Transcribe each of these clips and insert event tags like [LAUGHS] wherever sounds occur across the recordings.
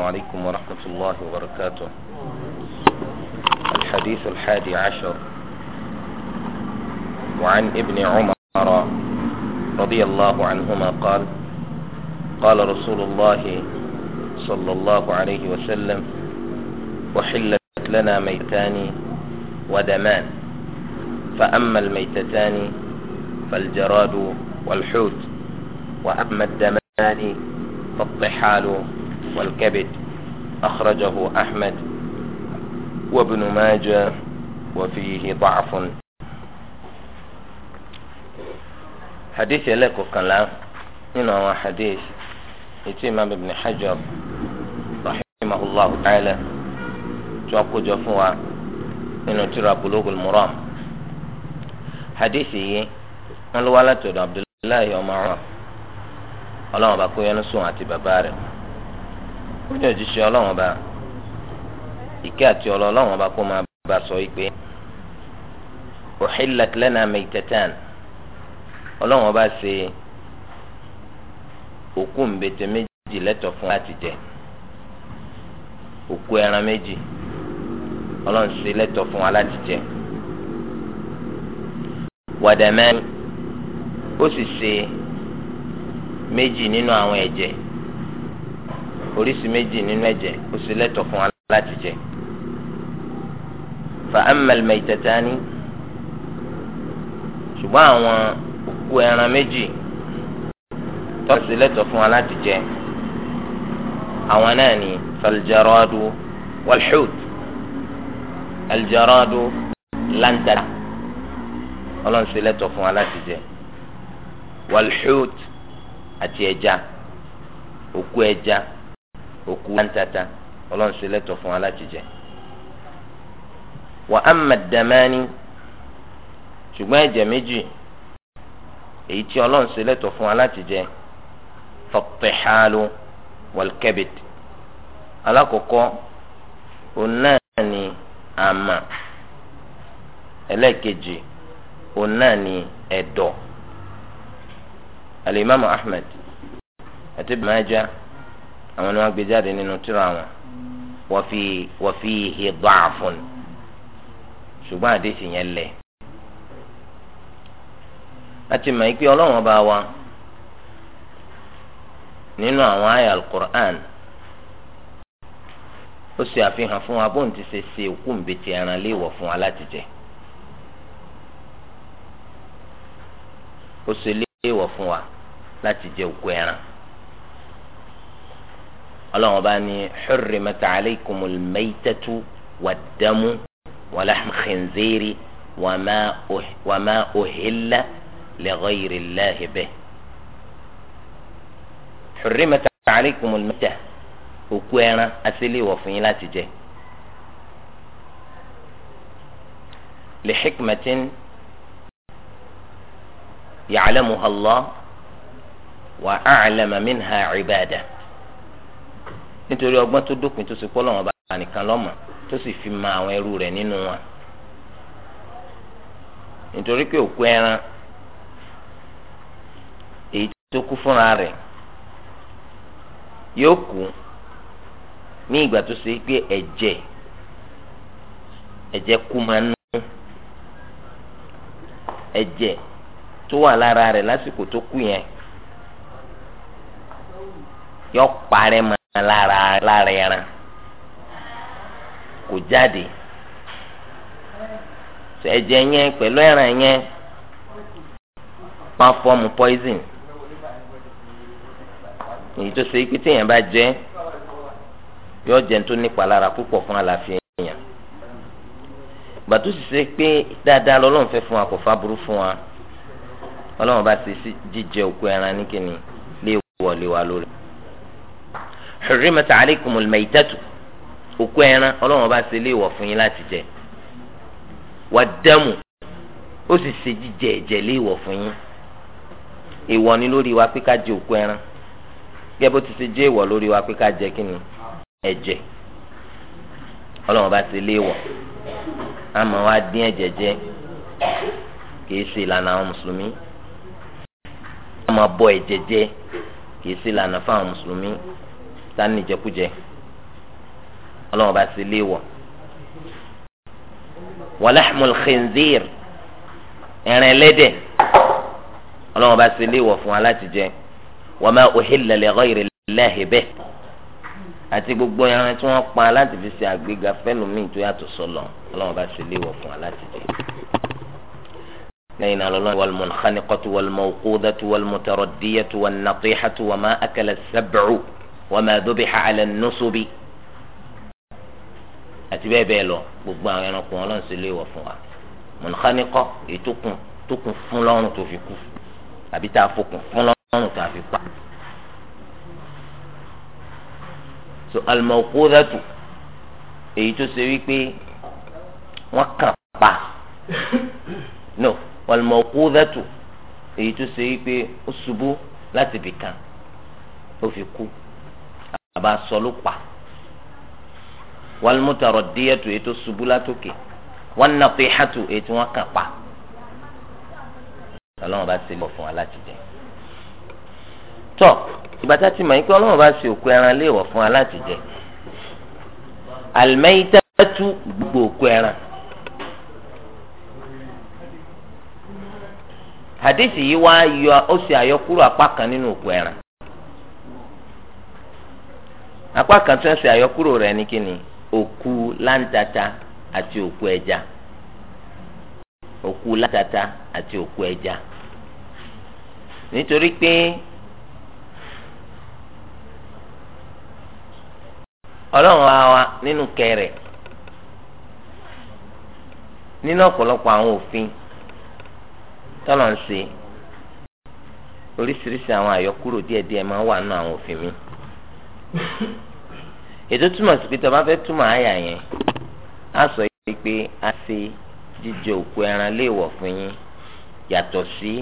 السلام عليكم ورحمة الله وبركاته الحديث الحادي عشر وعن ابن عمر رضي الله عنهما قال قال رسول الله صلى الله عليه وسلم وحلت لنا ميتان ودمان فأما الميتتان فالجراد والحوت وأما الدمان فالطحال والكبد أخرجه أحمد وابن ماجه وفيه ضعف حديث لك كلام هنا حديث الإمام ابن حجر رحمه الله تعالى توقف جفوا إنه ترى بلوغ المرام حديثي من الولد عبد الله يوم عمر ọlọ́run bá kó yẹnu sùn àti bàbá rẹ̀ ní òjíṣẹ́ ọlọ́wọ́n bá ìkẹ́ àti ọlọ́wọ́n bá kó máa bá sọ wípé uhillat lana maitatan ọlọ́wọ́n bá ṣe òkú ńbẹ̀tẹ̀ méjì lẹ́tọ̀ fún láti jẹ òkú ẹran méjì ọlọ́run ṣe lẹ́tọ̀ fún wa láti jẹ wàdàmẹ́ ó sì ṣe méjì nínú àwọn ẹ̀jẹ̀ oríṣi méjì nínú ẹ̀jẹ̀ ó sì lẹ́tọ̀ fún wa láti jẹ. fa amal maitatani ṣùgbọ́n àwọn òkú ẹran méjì tó sì lẹ́tọ̀ fún wa láti jẹ àwọn náà ni faljaradu walhut aljaradu lantana ọlọ́run sì lẹ́tọ̀ fún wa jẹ walhut àti ẹja òkú ẹja òkú láńtata ọlọ́run ṣe lẹ́tọ̀ fún wa láti jẹ. wà á mà dàmání ṣùgbọ́n ẹ̀jẹ̀ méjì èyí tí ọlọ́run ṣe lẹ́tọ̀ fún wa láti jẹ fọ̀tẹ̀hálù wọ̀lkẹ́bìt alákọ̀ọ́kọ́ òun ni àmà ẹlẹ́ẹ̀kejì òun ni ẹ̀dọ̀ alimami ahmed àti bàmájà àwọn ni wọ́n gbé jáde nínú tírà wọn hmm. wọ́fi wọ́fi ìdọ́ àfọ̀n ṣùgbọ́n àdéhìí yẹn lẹ̀ láti mọ̀ ikpe ọlọ́run ọba wa nínú àwọn àyà alukur'an ó ṣe àfihàn fún wa bó ti ṣe ṣe òkú ńbẹ̀tẹ̀ ẹran léèwọ̀ fún wa láti jẹ ó ṣe léèwọ̀ fún wa láti jẹ òkú ẹran. الله باني حرمت عليكم الميتة والدم ولحم خنزير وما وما أهل لغير الله به حرمت عليكم الميتة وكوانا أسلي وفين لا تجه لحكمة يعلمها الله وأعلم منها عباده nítorí ọgbọ́n tó dópin tó sì pọ́ lọ́wọ́n bá nìkan lọ́mọ tó sì fi ma àwọn ẹrú rẹ̀ nínú wọn nítorí pé òkú ẹran èyí tó kú fúnra rẹ̀ yóò kú ní ìgbà tó ṣe pé ẹ̀jẹ̀ ẹ̀jẹ̀ kú máa nù ẹ̀jẹ̀ tó wà lára rẹ̀ lásìkò tó kú yẹn yọ parẹ́ ma lára lára ẹran kò jáde ẹ̀jẹ̀ yẹn pẹ̀lú ẹran yẹn máa fọ́ọ̀mù poison èyí tó ṣe é pé téèyàn bá jẹ yóò jẹ tó nípa lára púpọ̀ fún àlàáfíà èèyàn gbàtú sì ṣe pé dáadáa lọ́lọ́run fẹ́ fún wa kò fáburú fún wa ọlọ́run bá ti jíjẹ òkú ẹran ní kíni lè wọlé wa lórí hurrimat alaykumul maytatu òkú ẹran ọlọ́run bá ṣe léèwọ̀ fún yín láti jẹ wad-damu ó sì ṣe jíjẹ ẹ̀jẹ̀ léèwọ̀ fún yín ìwọ ni lórí wa pé ká jẹ òkú ẹran gẹ́gẹ́ bó ti ṣe jẹ́ ìwọ lórí wa pé ká jẹ kí ni ẹ̀jẹ̀ ọlọ́run bá ṣe léèwọ̀ àmọ́ wa dín ẹ̀jẹ̀ jẹ kìí ṣe ìlànà àwọn mùsùlùmí àmọ́ bọ ẹ̀jẹ̀ jẹ kìí ṣe ìlànà fáwọn mùsùlùmí ta ní ìjẹkújẹ ọlọ́run bá sì léèwọ̀ walahmul khinzir ẹran ẹlẹ́dẹ̀ ọlọ́run bá sì léèwọ̀ fún wa láti jẹ wama uhilla li ghayri llahi bih àti gbogbo ẹran tí wọ́n pa láti fi ṣe àgbéga fẹ́lùmíì tó yàtọ̀ sọ́lọ̀ ọlọ́run bá sì léèwọ̀ fún wa láti jẹ lẹ́yìn náà lọ́lọ́run walmunkhaniqatu walmawqudatu walmutaraddiyatu wannatihatu wama akala as-sab'u wa ma dhubiha ala nusubi àti bẹ́ẹ̀ bẹ́ẹ̀ lọ gbogbo àwọn ẹranko wọn lọ́n sí ilé ìwọ̀ fún wa mọ̀nìkánikọ́ èyí tó kún fún lọ́rùn tó fi kú àbí tá a fokùn fún lọ́rùn tó a fi pa. so al-mawqudhatu èyí tó ṣe wípé wọ́n kàn pa no al-mawqudhatu èyí tó ṣe wípé ó ṣubú láti bìkan ó fi kú àbá sọ ló pa wàlúmùtàrọ̀ díẹ̀tù ètò ṣubú látòkè wọn nàpẹ́ hàtù ètò wọn kàn pa ọlọ́run bá ṣe lọ fún wa láti jẹ tọ́ ìbátá ti mọ̀ yín pé bá ṣe òkú ẹran léèwọ̀ fún wa láti jẹ àlùmẹ́yìtẹ́tù gbogbo òkú ẹran. hadisi yìí wá yọ ó sì apá kan nínú òkú ẹran apá kan tí wọ́n ṣe àyọkúrò rẹ̀ ní kíni òkú láńtata àti òkú ẹja òkú láńtata àti òkú ẹja nítorí pé ọlọ́run wa wa nínú kẹrẹ nínú ọ̀pọ̀lọpọ̀ àwọn òfin tọ́lọ̀ ń ṣe oríṣiríṣi àwọn àyọkúrò díẹ̀díẹ̀ máa ń wà nínú àwọn òfin mi. [LAUGHS] ètò túmọ̀ sí pé tí a bá fẹ́ túmọ̀ àyà yẹn á sọ yìí pé a ṣe jíjẹ òkú ẹran léèwọ̀ fún yín yàtọ̀ sí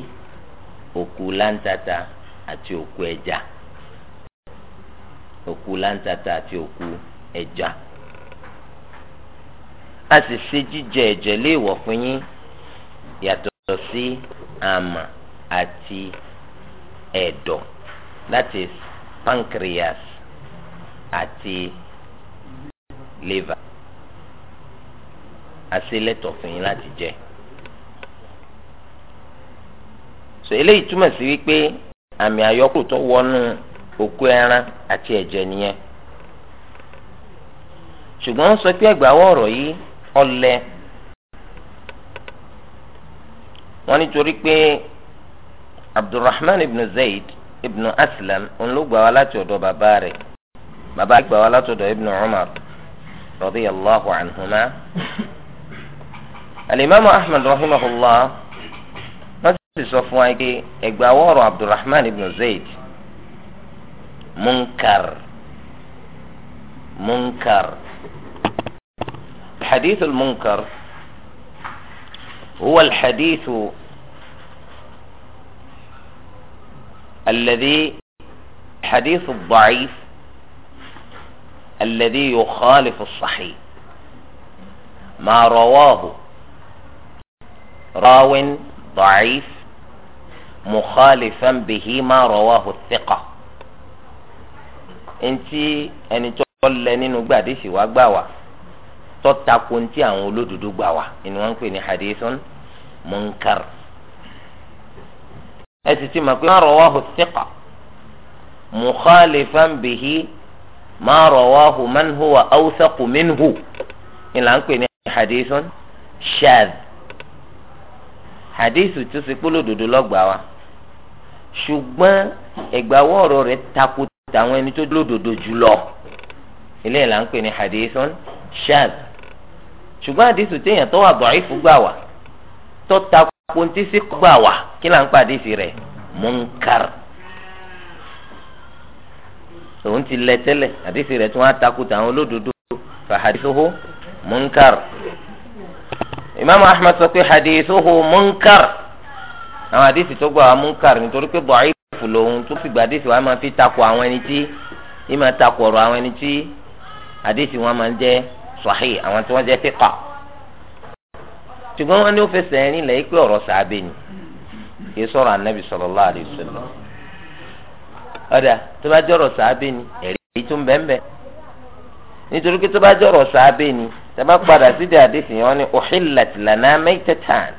òkú láńtata àti òkú ẹja òkú láńtata àti òkú ẹja a sì ṣe jíjẹ ẹ̀jẹ̀ léèwọ̀ fún yín yàtọ̀ sí àmà àti ẹ̀dọ̀ that is pancreas àti liver asélẹ̀tọ̀ fún yín láti jẹ. sọ eléyìí túmọ̀ sí wípé àmì àyọkù tó wọnú òkú ẹran àti ẹ̀jẹ̀ nìyẹn. ṣùgbọ́n sọ pé ẹgbàáwọ̀ ọ̀rọ̀ yìí ọlẹ. wọ́n nítorí pé Abdulrahman ibn Zayd ibn Aslam òun ló gbà wá láti ọ̀dọ̀ bàbá bàbá àgbà wa látọ̀dọ̀ ibn umar radiyallahu anhuma alimami ahmed rahimahullah wọ́n ti sọ fún wa pé ẹgbàá wọ́ọ̀rọ̀ abdulrahman ibn zayd munkar munkar الحديث المنكر هو الحديث الذي حديث الضعيف الذي يخالف الصحيح ما رواه راو ضعيف مخالفا به ما رواه الثقة انتي ẹni tó lẹ nínú gbàdísì wá gbà wá tó tako ntí àwọn olódodo gbà wá ni wọn ń pè ní hadithun munkar ẹ sì ti mọ̀ pé ma rawahu thiqa mukhalifan bihi ma rawahu man huwa awthaqu minhu ìlà ń pè ní hadithun shadh hadithu tó ṣe pé lódodo lọ́gbàá wa ṣùgbọ́n ẹ̀gbàwọ́ ọ̀rọ̀ rẹ̀ takò tàwọn ẹni tó lódodo jùlọ ilé ìlà ń pè ní hadithun shadh ṣùgbọ́n hadithu téèyàn tó wà da'ifu gbà wá tó takò tí sí gbà wá kí là ń pàdé sí rẹ̀ munkar òun ti lẹ tẹ́lẹ̀ àdìsí rẹ̀ tí wọ́n á takò tàwọn olódodo fàhadìsóhó munkar imaamu ahmed sọ pé hadithuhu munkar àwọn àdìsí tó gbà wá munkar nítorí pé bọ̀ọ̀yì fòlòhùn tó fìgbà àdìsí wa máa fi takò àwọn ẹni tí ìmọ̀ takò ọ̀rọ̀ àwọn ẹni tí àdìsí wọn máa jẹ́ sahih àwọn tí wọ́n jẹ́ thiqa ṣùgbọ́n wọn ní ó fẹsẹ̀ rìn lẹ́yìn pé ọ̀rọ̀ sàábẹ̀ ni kì í sọ̀rọ̀ ànábì sallallahu alaihi wasallam ọ̀dà tó bá jọ̀rọ̀ sàábẹ́ ni ẹ̀rí tún bẹ́ẹ̀ nítorí pé tó bá jọ̀rọ̀ sàábẹ́ ni tàbá padà síbi àdéhùn yẹn wọ́n ní uhillat lana maytatan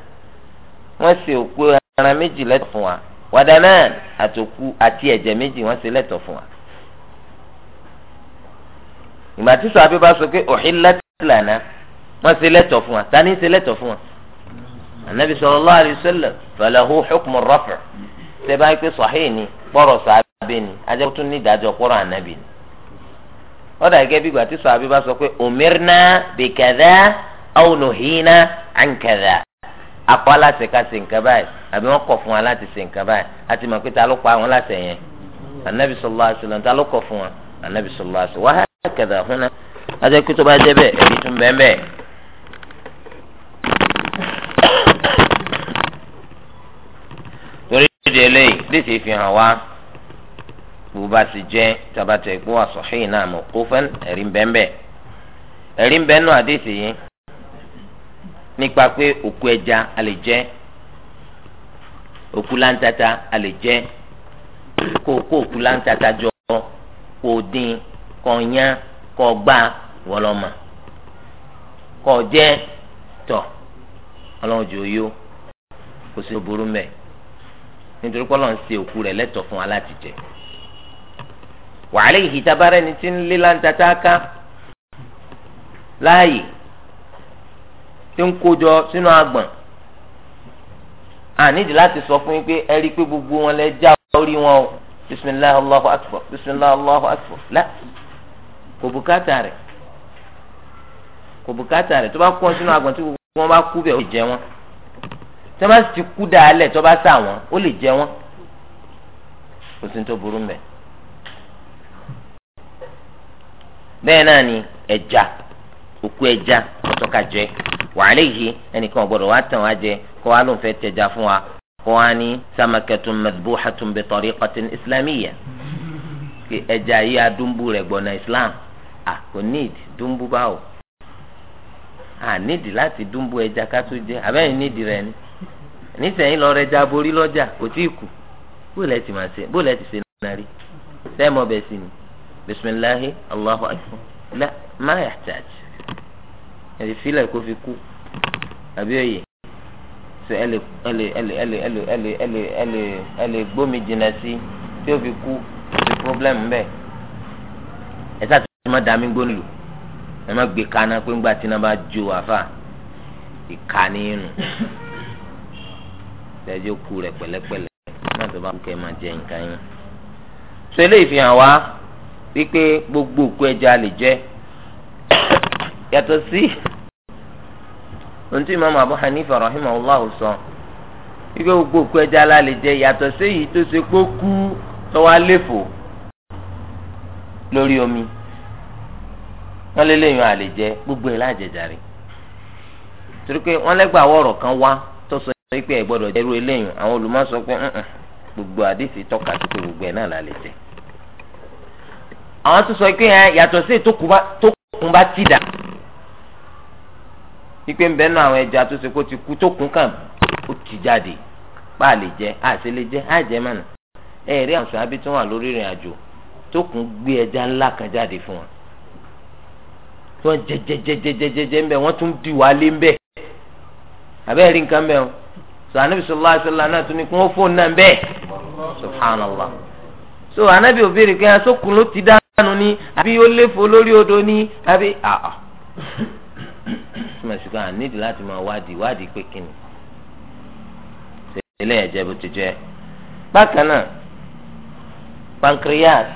wọ́n sì òkú ẹran méjì lẹ́tọ̀ fún wa wadanan àtòkú àti ẹ̀jẹ̀ méjì wọ́n sì lẹ́tọ̀ fún wa. ìgbà tí bá sọ pé wọ́n sì lẹ́tọ̀ fún wa tani sì lẹ́tọ̀ fún wa. anabi abeni ajẹ́pọ̀ tún ní ìdájọ́ pọ́rọ̀ ànábì ni bí abíbá sọ pé òmìnirínà bèkẹ́dá ọ̀nùhìnà ànkẹ́dá akọ́ aláṣẹ ká ṣe nǹkan báyìí àbí wọ́n kọ̀ fún wa láti ṣe nǹkan báyìí àti mọ̀ pé ta pa àwọn yẹn ànábì kọ̀ fún wa fi hàn bó bá ti jẹ́ tabatẹ̀ ipò àsọ̀hìn náà mọ̀ kó fẹ́ ẹ̀rí ń bẹ́ẹ̀ bẹ́ẹ̀ ẹ̀rí ń bẹ́ẹ̀ náà àdéhìí yìí nípa pé òkú ẹja a lè jẹ òkú láńtata a lè jẹ kó kó òkú láńtata jọ kó dín kó yán kó gbá wọlọ́mọ kó jẹ tọ̀ ọlọ́run jò yó kò sí burú mẹ́ nítorí pé ọlọ́run ṣe òkú rẹ̀ lẹ́tọ̀ fún wa wàhálà yìí tabara ẹni tí ń lé láńtata ká láàyè tí ń kójọ sínú agbọ̀n àníjì láti sọ fún yín pé ẹ rí i pé gbogbo wọn lẹ já orí wọn o bisimilahi allahu akbar bisimilahi allahu akbar la kò bùkátà rẹ̀ kò bùkátà rẹ̀ tó bá kú sínú agbọ̀n tí gbogbo wọn bá kú bẹ́ẹ̀ ó lè jẹ wọn tó bá ti kú dáa lẹ̀ tó bá sà wọn ó lè jẹ wọn kò sí ní tó burú mẹ́ẹ̀. bẹ́ẹ̀ náà ni ẹja òkú ẹja ọ̀tọ́kàjẹ́ wàhálà yìí ẹnìkan ọ̀gbọ́dọ̀ wá tàn wá jẹ kó wá ló ń fẹ́ tẹja fún wa kó wá ní samakatun madbuhatun bi islamiyya ẹja yìí adúmbù rẹ̀ islam à kò dúmbù báwò à láti dúmbù ẹja ká jẹ ni nísìnyí lọ rẹ já lọ́jà kò tí ì kù bó ti máa ṣe bó lẹ ṣe náà rí بسم الله الله أكبر لا ما يحتاج filẹ kó fi kú àbí òye so ẹ lè ẹ lè ẹ lè ẹ lè ẹ lè ẹ lè ẹ lè ẹ lè gbómi jìnnà sí tí ó fi kú ti problem bẹ ẹ sáà tí ma dàmí gbóni lò ẹ má gbé kaná pé ńgbà tí náà bá ju àfà ìkànnì inú ṣẹjọ ku rẹ pẹ̀lẹ́pẹ̀lẹ́ náà tó bá kú kẹ máa jẹ nǹkan yín so eléyìí fi hàn wá wípé gbogbo òkú ẹja lè jẹ yàtọ̀ sí ohun tí imaamu abu hanifa rahimahullah sọ wípé gbogbo òkú ẹja la lè jẹ yàtọ̀ sí èyí tó ṣe pé kú tọwọ́ àléfò lórí omi wọn lé lẹ́yìn àlè jẹ gbogbo ẹ̀ lájẹjàre torí pé wọn lẹ́gbàá wọ̀rọ̀ kan wá tó sọ pé ẹ gbọ́dọ̀ jẹ́rú eléyìn àwọn olùmọ̀ sọ pé gbogbo àdìsí tọ́ka sí gbogbo ẹ̀ náà la lè jẹ. àwọn tó sọ pé ẹ yàtọ̀ sí tó kún bá ti dà pípé ń bẹ nínú àwọn ẹja tó ti kú tó kàn ó ti jáde pa a lè a lè jẹ a jẹ ẹ rí àwọn sàbí tó wà lórí ìrìn àjò tó kún gbé ẹja ńlá kan jáde fún wọn tí wọ́n jẹjẹjẹjẹjẹjẹ ń bẹ wọ́n tún di ń bẹ o sọ náà tún ní kí náà so anabi òbí ló dànù ni àbí ó léfo lórí odò ni àbí àà túmọ̀ sí pé láti máa wádìí wádìí pé kíni ilé ẹ̀jẹ̀ bó ti jẹ́ bákan náà pancreas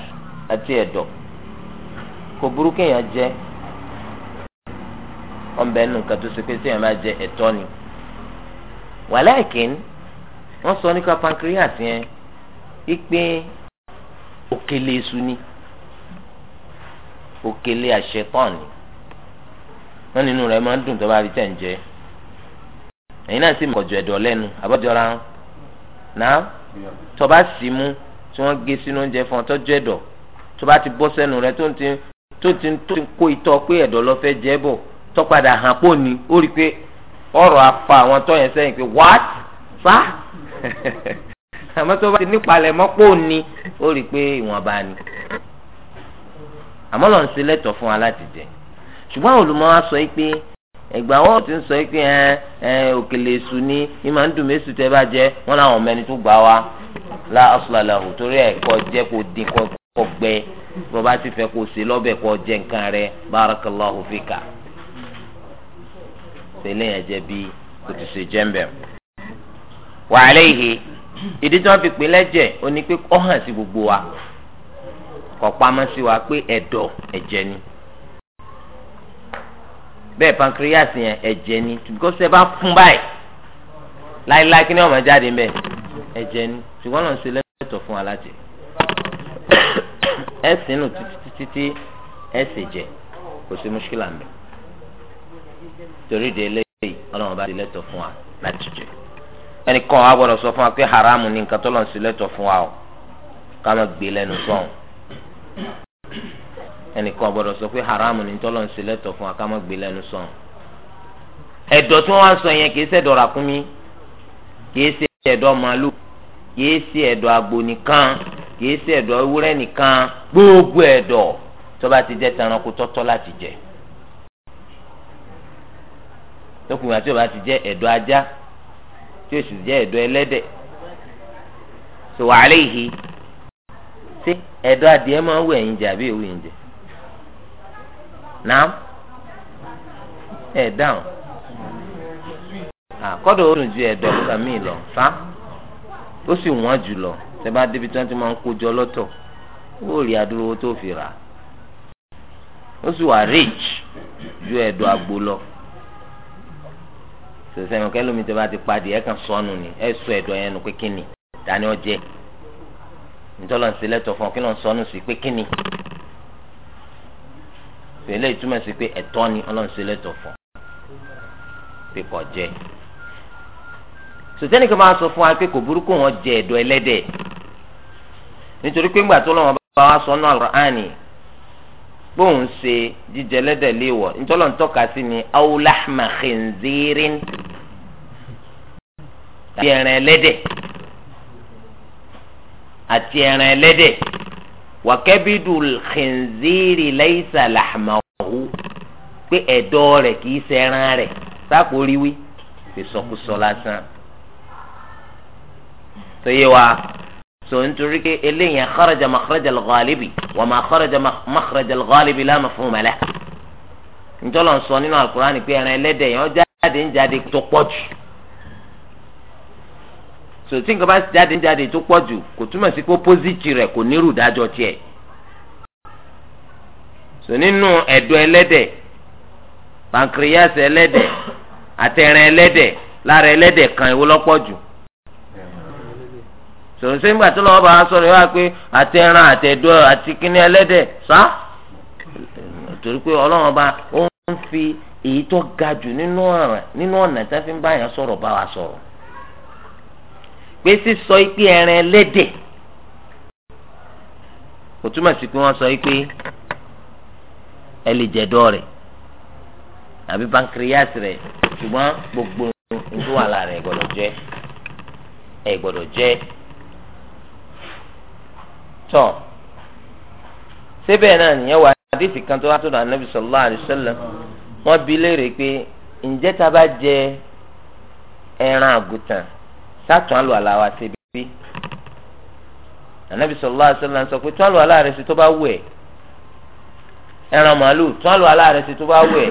àti ẹ̀dọ̀ kò burú kéèyàn jẹ wọn nù nǹkan tó ṣe pé téèyàn bá jẹ ẹ̀tọ́ ni wàláìkín wọ́n sọ nípa pancreas yẹn wípé òkèlè èṣù ni òkèlè àṣetọ́ọ̀nì wọn nínú rẹ̀ máa ń dùn tó bá rí tẹ̀ ń jẹ ẹ̀yin náà sì mọ̀jọ ẹ̀dọ̀ lẹ́nu àbọ̀jọra ń ná tó bá sì mú tí wọ́n gé sínú oúnjẹ fún ọ tọ́jú ẹ̀dọ̀ tó bá ti bọ́ sẹ́nu rẹ̀ tó ti tó ti kó itọ́ pé ẹ̀dọ̀ lọ fẹ́ jẹ́ tó padà hàn pò ní ó rí i pé ọ̀rọ̀ afa àwọn tó yẹn sẹ́yìn pé what fa [LAUGHS] àmọ́ tó bá ti nípalẹ̀ mọ́ pò ní ó rí i pé ìwọ̀nba ni. àmọ́ lọ́n ṣe lẹ́tọ̀ fún wa láti jẹ ṣùgbọ́n olùmọ̀ wa sọ pé ẹgbà wọn ti ń sọ pé ẹ ẹ òkèlè èṣù ni ìmọ̀ ń dùn méṣù tẹ́ bá jẹ làwọn ọmọ ẹni tó gbà wá lá ọ̀ṣunàlàhù torí ẹ̀ kọ́ jẹ́ kó dín kọ́ gbẹ bó bá ti fẹ́ kó lọ́bẹ̀ kọ́ jẹ bí o ti wàhálà ìhè ìdí kò pamọ́ sí wa pé ẹ̀dọ̀ ẹ̀jẹ̀ ni bẹ́ẹ̀ pancreas yẹn ẹ̀jẹ̀ ni because ẹ bá fún báyìí láíláí kí ni ọmọ jáde ń bẹ ẹ̀jẹ̀ ni ṣùgbọ́n náà ṣe lẹ́tọ̀ fún alájẹ ẹ sínú títí títí ẹ sì jẹ kò sí mùṣkílà ń torí de eléyìí ọlọ́run bá ṣe lẹ́tọ̀ fún wa láti jẹ ẹnì kan á gbọ́dọ̀ sọ fún wa pé haramu ni nǹkan tó lọ́n ṣe lẹ́tọ̀ fún wa o ká má gbé lẹ́nu sọ̀hún ẹnìkan gbọ́dọ̀ sọ pé haramu ni tọ́lọ̀ ń ṣe lẹ́tọ̀ fún wa ká má gbé lẹ́nu sàn ẹ̀dọ̀ tí wọ́n á sọ yẹn kìí ṣẹ̀dọ̀ ràkúnmí kìí ṣe ẹ̀dọ̀ màálù kìí ṣe ẹ̀dọ̀ àgbò nìkan kìí ṣe ẹ̀dọ̀ ewúrẹ́ nìkan gbogbo ẹ̀dọ̀ tó bá ti jẹ́ tẹranko tọ́tọ́ láti jẹ tókùnrin àti ọba ti jẹ́ ẹ̀dọ̀ ajá tí ó sì jẹ́ ẹ̀dọ̀ ẹlẹ́dẹ̀ sọ wàhálà sí edo adìẹ máa ń wù ẹ̀yìn jẹ àbí ewu ẹ̀yìn jẹ nàám ẹ̀ edo àkọ́dọ̀ ó dùn ju ẹ̀dọ̀ kan míì lọ fa ó sì wọ́n jù lọ tẹ bá débi tí wọ́n ti máa ń kójọ lọ́tọ̀ ó rí adúrówó tó fi rà ó sì wà rich ju ẹ̀dọ̀ àgbo lọ sọ̀sẹ̀ mi kẹ́lómi tẹ bá ti padì ẹ̀ kan sọnù ni ẹ̀ sọ ẹ̀dọ̀ yẹn nù kékeré ni dání ntọ́lọ̀ ń selẹ́tọ̀ fún ọ kí ló ń sọnù sí pé kí ni pèlè ìtumọ̀ sí pé ẹ̀tọ́ ni ọlọ́run selẹ́tọ̀ fún pé kò jẹ́ sòtẹ́nì kan máa sọ fún wa pé kò burúkú wọn jẹ ẹ̀dọ̀ ẹlẹ́dẹ̀ nítorí pé ńgbà tó lọ́wọ́ bá wa sọ náà Al-Qur'ani bóun ṣe jíjẹ ẹlẹ́dẹ̀ léèwọ̀ ntọ́lọ̀ ń tọ́ka sí ni aw lahma khinzirin bí ẹran ẹlẹ́dẹ̀ àti ẹran ẹlẹ́dẹ̀ wàkẹ́bídù khinziri laysa lahmahu pé ẹ̀dọ̀ rẹ̀ kìí ṣẹran rẹ̀ sákòríwí fi sọkúsọ lásán tó yé wa so nítorí pé eléyàn kharaja makhraja al-ghalibi wa ma kharaja makhraja al-ghalibi la ntọ́lọ̀ sọ nínú alukur'an pé ẹran ẹlẹ́dẹ̀ yẹn ó jáde ń jáde tó pọ̀ jù. so tí nǹkan bá jáde jáde tó pọ̀ jù kò túmọ̀ sí pé pósìtì rẹ̀ kò nírú dájọ́ tiẹ̀ so nínú ẹ̀dọ̀ ẹlẹ́dẹ̀ pancreas ẹlẹ́dẹ̀ àtẹ̀rìn ẹlẹ́dẹ̀ lára ẹlẹ́dẹ̀ kan ìwọ lọ́pọ̀ jù sòròsè ńgbà tó lọ́wọ́ bá a sọ̀rọ̀ yóò wá pé àtẹ̀rìn àtẹ̀dọ̀ àti kíní ẹlẹ́dẹ̀ sá torí pé ọlọ́run ọba ó ń fi èyí tó ga jù nínú ọ̀nà tí wọ́n fi ń bá yẹn sọ̀rọ̀ bá wa sọ̀rọ̀. pé sísọ ipe ẹran ẹlẹ́dẹ̀ kò túmọ̀ sí pé wọ́n sọ pé ẹ lè jẹ̀dọ̀ rẹ̀ àbí pancreas rẹ̀ ṣùgbọ́n gbogbo nǹkan wà lára ẹ̀ gbọ́dọ̀ jẹ́ ẹ̀ gbọ́dọ̀ jẹ́ tọ́ síbẹ̀ náà nìyẹn wà àdìsí kan tó wá tó dàn nàbì sallallahu alaihi wasallam wọ́n bi léèrè pé ǹjẹ́ tá bá jẹ ẹran àgùntàn sátún àlọ́ àlá wa ṣe bí. ànábì sallallahu alaihi wasallam sọ pé tún àlọ́ àlá rẹ̀ ṣe tó bá wù ẹ́ ẹran màálù tún àlọ́ àlá rẹ̀ ṣe tó bá wù ẹ́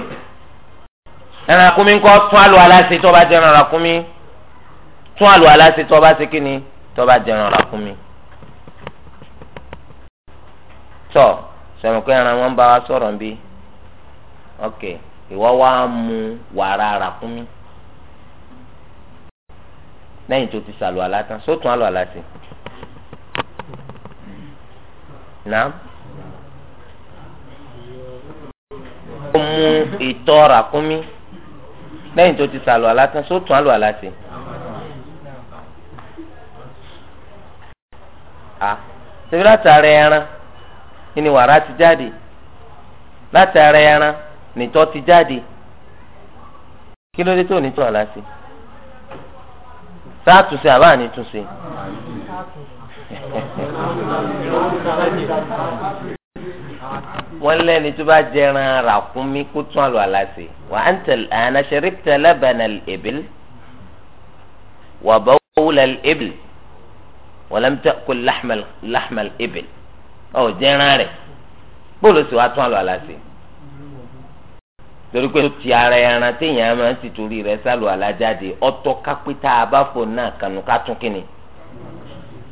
ẹran akúmi ńkọ́ tún àlọ́ àlá ṣe tó bá jẹ́ ẹran tún àlọ́ àlá ṣe tó bá ṣe kí ni tó bá jẹ́ ẹran akúmi. tọ́ sọ̀rọ̀ pé ẹran wọn bá wa sọ̀rọ̀ ń bí ok ìwọ wa mú wàrà àràkúnmí. Okay lẹ́yìn tó ti sàlù alátán sótún àlọ́ aláṣẹ. nàá ó mú ìtọ̀ ràkúnmí lẹ́yìn tó ti sàlù alátán sótún àlọ́ aláṣẹ. a ṣebí látara ẹran ni wàrà ti jáde látara ẹran nìtọ̀ ti jáde kí ló dé tó nìtọ̀ aláṣẹ sáà túnṣe àbá ní túnṣe. wọ́n lẹ́ni tó bá jẹran ràkúnmí kó tún àlọ́ àlàsè wà á ń tẹ̀lé àná ṣẹ̀rìpítà lábàánà ìbíl wà bá wúlà ìbíl wà lẹ́m tẹ́ kó láhmà ìbíl ọ̀ jẹran rẹ̀ bóòlù sì wá tún àlọ́ àlàsè. torí pé ti ara ẹran téèyàn máa ń tìtorí rẹ̀ sálù alájáde ọtọ kápẹtà abáfò náà kànú kátún kínni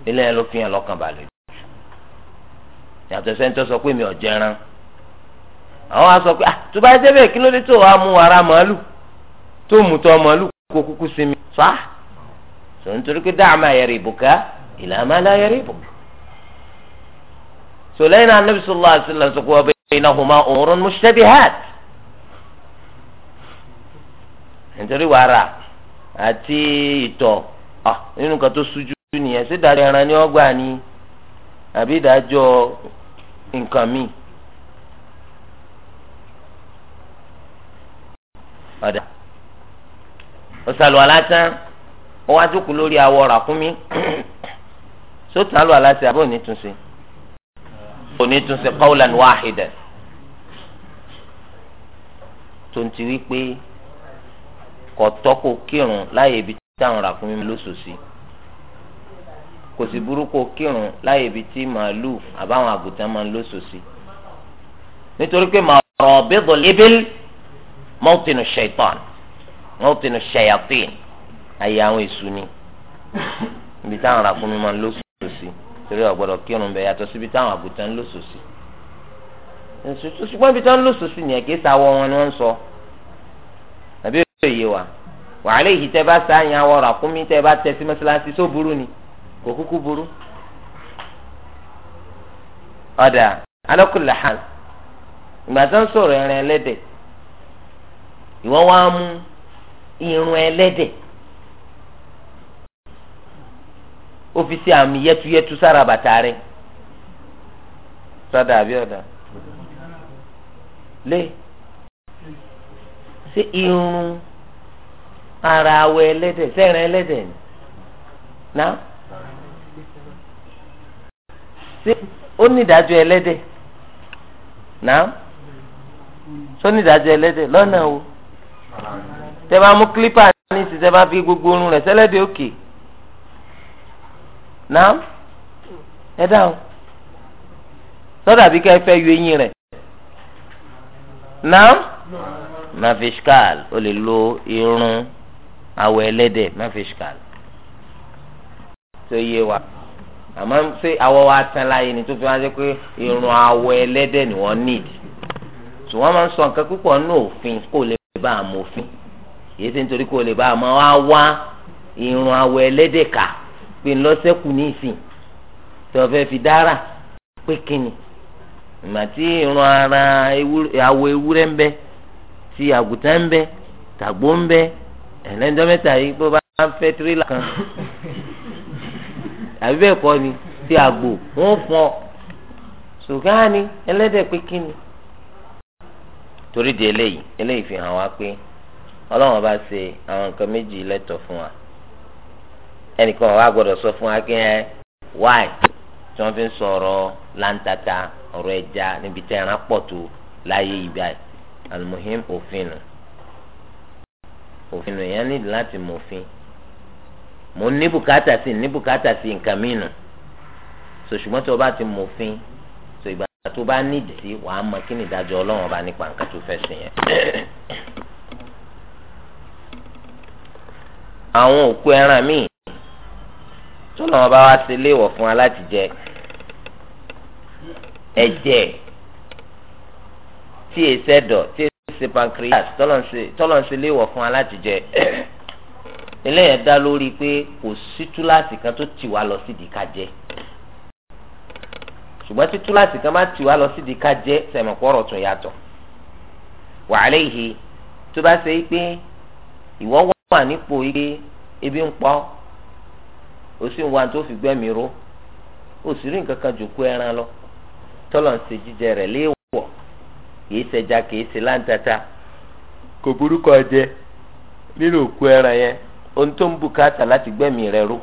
ilé yẹn ló fi hàn lọ́kàn balẹ̀ jù yàtọ̀ sẹ́ni tó sọ pé mi ò jẹran àwọn á sọ pé ah tó bá yẹ débẹ̀ kí ló dé tó wàá mú ara màálù tó mú tọ màálù kó kúkú sí mi fa ah, sọ nítorí pé dáa máa yẹrì ìbùkà ìlà máa lá yẹrì ìbùkà sọ lẹ́yìn náà Nabi sallallahu nítorí wàrà àti ìtọ̀ nínú kan tó sújú nìyẹn ṣé ìdájọ́ ara ni wọ́n gbà àbí ìdájọ́ nǹkan míì. ọ̀sàlù alátán ó wá jókòó lórí awọ ràkúnmí sótò àlù aláṣẹ àbọ̀ onítúnṣe onítúnṣe qawlan wahidan tó ń ti wí kọ̀tọ́ kó kírun láyè ibi táwọn ràkúnmí máa lóṣooṣì kò sì burú kó kírun láyè ibi tí màálù àbáwọn àgùntàn máa lóṣooṣì nítorí pé màrọ̀ bíbọ̀ lébìl mọ́tìnù ṣẹ̀tàn mọ́tìnù ṣẹ̀yàtìn àyè àwọn èṣù ni ibi táwọn ràkúnmí máa lóṣooṣì torí ọ̀gbọ́dọ̀ kírun bẹ̀ yàtọ̀ síbi táwọn àgùntàn lóṣooṣì ṣùgbọ́n ibi táwọn lóṣooṣì yẹn kì í sáwọ́ wọn ni wọ́n ń sọ. So tó yé wa wàhálà èyí tẹ bá sáyìn awọ ràkúnmí tẹ bá tẹ sí mọ́sálásí tó burú ni kò kúkú burú. ọ̀dà alákùlà hàn ìgbà tó ń sọ̀rọ̀ ẹran ẹlẹ́dẹ̀ ìwọ wá mú irun ẹlẹ́dẹ̀ ó fi sí àmì yẹtuyẹtu sára bàtà rẹ̀ sọ́dà àbí lé ṣé irun ara awọ ẹlẹ́dẹ̀ sẹ́ran ẹlẹ́dẹ̀ ni na ṣé ó ní ìdájọ́ ẹlẹ́dẹ̀ na ṣó ní ìdájọ́ ẹlẹ́dẹ̀ lọ́nà o tẹ bá mú clipper ní ti tẹ bá fi gbogbo orun rẹ̀ sẹ́lẹ̀dẹ̀ òkè na ẹ dáhùn sọ́dà bí ká fẹ́ yọ eyín rẹ̀ na mavishkal o lè lo irun. awọ ẹlẹ́dẹ̀ mafe tó yé wa àmọ́ ṣé awọ wa tán láyé ni tó fi wá sí pé irun awọ ẹlẹ́dẹ̀ ni wọ́n need tí wọ́n máa ń sọ nǹkan púpọ̀ ní òfin kó lè bá àmọ́ òfin èyí tí nítorí kó lè bá irun awọ ẹlẹ́dẹ̀ ka pé ńlọ́sẹ̀kù ní ìsìn tí wọ́n fẹ́ fi dára pé irun ara awọ ewúrẹ́ ń bẹ ti àgùtàn ń bẹ tàgbó ẹlẹ́njọ́ mẹ́ta yìí bó bá ń fẹ́ tirẹ́là kan [LAUGHS] àbí bẹ́ẹ̀ kọ́ ni ti àgbò wọ́n fún ọ ṣùgbọ́n ẹlẹ́dẹ̀ pé kí ni. torí di eléyìí eléyìí fi hàn wá pé ọlọ́run bá ṣe àwọn nǹkan méjì lẹ́tọ̀ fún wa ẹnìkan wà gbọ́dọ̀ sọ fún wa kí ẹ wáì tí wọ́n fi ń sọ sọ̀rọ̀ láńtata ọ̀rọ̀ ẹja níbi tí ẹran pọ̀ tó láyé ìgbà àlùmọ́hìn òfin nù. òfin lò yẹn nílò láti mọ òfin mo ní bùkátà sí ní bùkátà sí nǹkan mìíràn so ṣùgbọ́n tí o bá ti mọ òfin so ìgbà tó bá nídìí sí wàá mọ kí ni ìdájọ́ ọlọ́run ọba nípa nǹkan tó fẹ́ sí yẹn. àwọn òkú ẹran míì tó lọ́wọ́ bá wá sí léèwọ̀ fún wa láti jẹ ẹ̀jẹ̀ tí èsẹ̀dọ̀ tí ṣe pancreas tọ́lọ̀ ń ṣe léèwọ̀ fún aláàtijẹ́ [CLEARS THROAT] eléyẹn dá lórí pé kò sí túláàsì kan tó tì wá lọ sídìí ká jẹ ṣùgbọ́n tí túláàsì kan bá tì wá lọ sídìí ká jẹ sẹ̀mọ̀pọ̀rọ̀ tún yàtọ̀ wa alayhi tó bá ṣe pé ìwọ wà nípò ike ebi ń pa ọ́ ó sì ń wá tó fi gbẹ́mi ró ó sì rí nǹkan kan jòkó ẹran lọ tọ́lọ̀ ṣe jíjẹ rẹ̀ léèwọ̀. kìí ṣẹja kò burúkọ jẹ nínú òkú ẹran yẹn ohun tó ń bùkátà láti gbẹ̀mí ró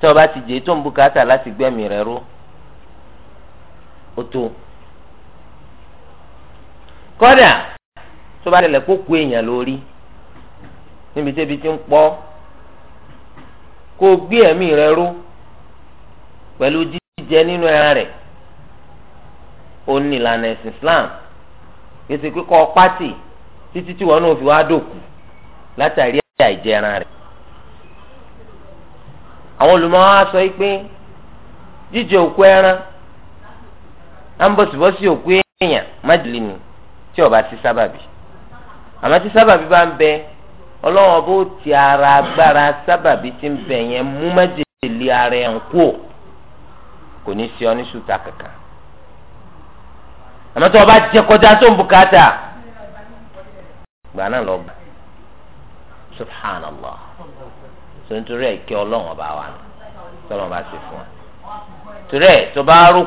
tí ọba ti jẹ tó ń bùkátà láti gbẹ̀mí rẹ̀ ró ó tó kọ́dà tó bá tẹ̀lẹ̀ kó ku èèyàn lórí níbi tẹ́bi ń pọ́ kó gbé ẹ̀mí ẹran rẹ̀. ó ní ìlànà ẹ̀sìn Islam èsì kíkọ́ pátì títí tí wọn náà fi wá dòkú látàrí àìjẹran rẹ̀. àwọn olùmọ̀ọ́ sọ pé jíjẹ òkú ẹran á ń bọ̀sibọ́sí òkú èèyàn májèlé ni tí ó bá sí sábàbí àmọ́ tí sábàbí bá ń bẹ ọlọ́wọ́n bó ti ara agbára sábàbí ti ń bẹ mú májèlé ara ẹ̀ ń kú ò kò ní í ọ ní ṣùtà kankan. àmọ́ ọba o bá jẹ kọjá tó ń bukata lọ bá subhanallah tó ń torí ẹ̀ kí ọlọ́run ọba wa ni tọ́lọ́run bá ṣe fún wa torí ẹ̀ tó bá àgbò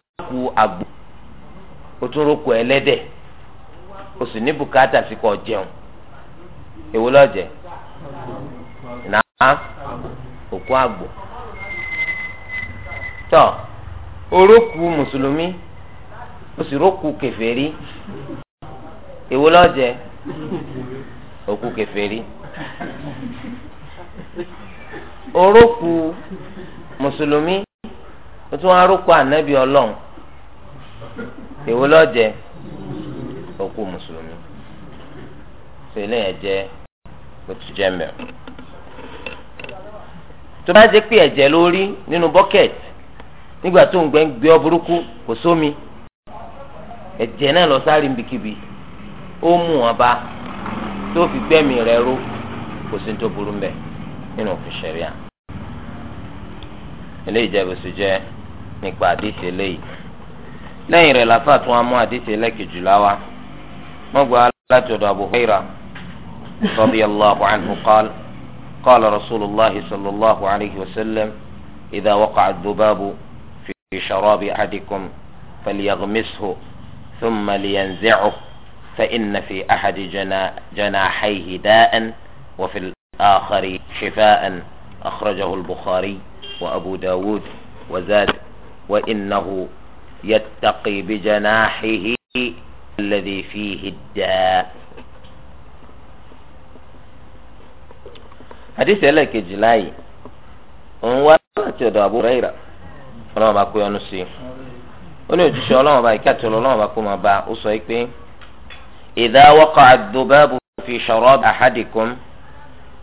o tún rókù ẹlẹ́dẹ̀ o sì ní bùkátà sí kó jẹun èwo ó sì rókù kèfèrí èwo lọ́jẹ̀ òkú kèfèrí orókù mùsùlùmí ó tún wá rókù ànábì ọlọ́run èwo lọ́jẹ̀ òkú mùsùlùmí sèlè ẹ̀jẹ̀ kò tún jẹ́ mẹ́ tó bá jẹ́ pé ẹ̀jẹ̀ lórí nínú bọ́kẹ̀tì nígbà tó ń gbẹ́ gbé ọ burúkú kò sómi. So ẹ̀jẹ̀ náà lọ sáré nbikíbi ó mú wọn bá tó fi gbẹ́mìí rẹ̀ ró kò sí tó burú mbẹ̀ nínú òfin ṣẹ̀ríà eléyìí jẹ́ bó ṣe jẹ́ nípa àdìsí eléyìí lẹ́yìn rẹ̀ làfà tún á mú àdìsí ẹlẹ́kejì láwa wọ́n gba alátọ̀dọ̀ Abu Hurairah radiyallahu anhu qala qala rasulullahi sallallahu alayhi wa sallam idha waqa'a ad-dhubabu fi sharabi ahadikum falyaghmishu. ثم لينزعه فإن في أحد جناحيه داء وفي الآخر شفاء أخرجه البخاري وأبو داود وزاد وإنه يتقي بجناحه الذي فيه الداء حديث لك جلاي وأتدى أبو هريرة فلما أكو ينسي ó ní òjíṣẹ́ ọlọ́run ọba ìkẹ́ àti ọlọ́run ọba kó máa bá ó sọ pé idha waqa'a ad-dhubabu fi sharab ahadikum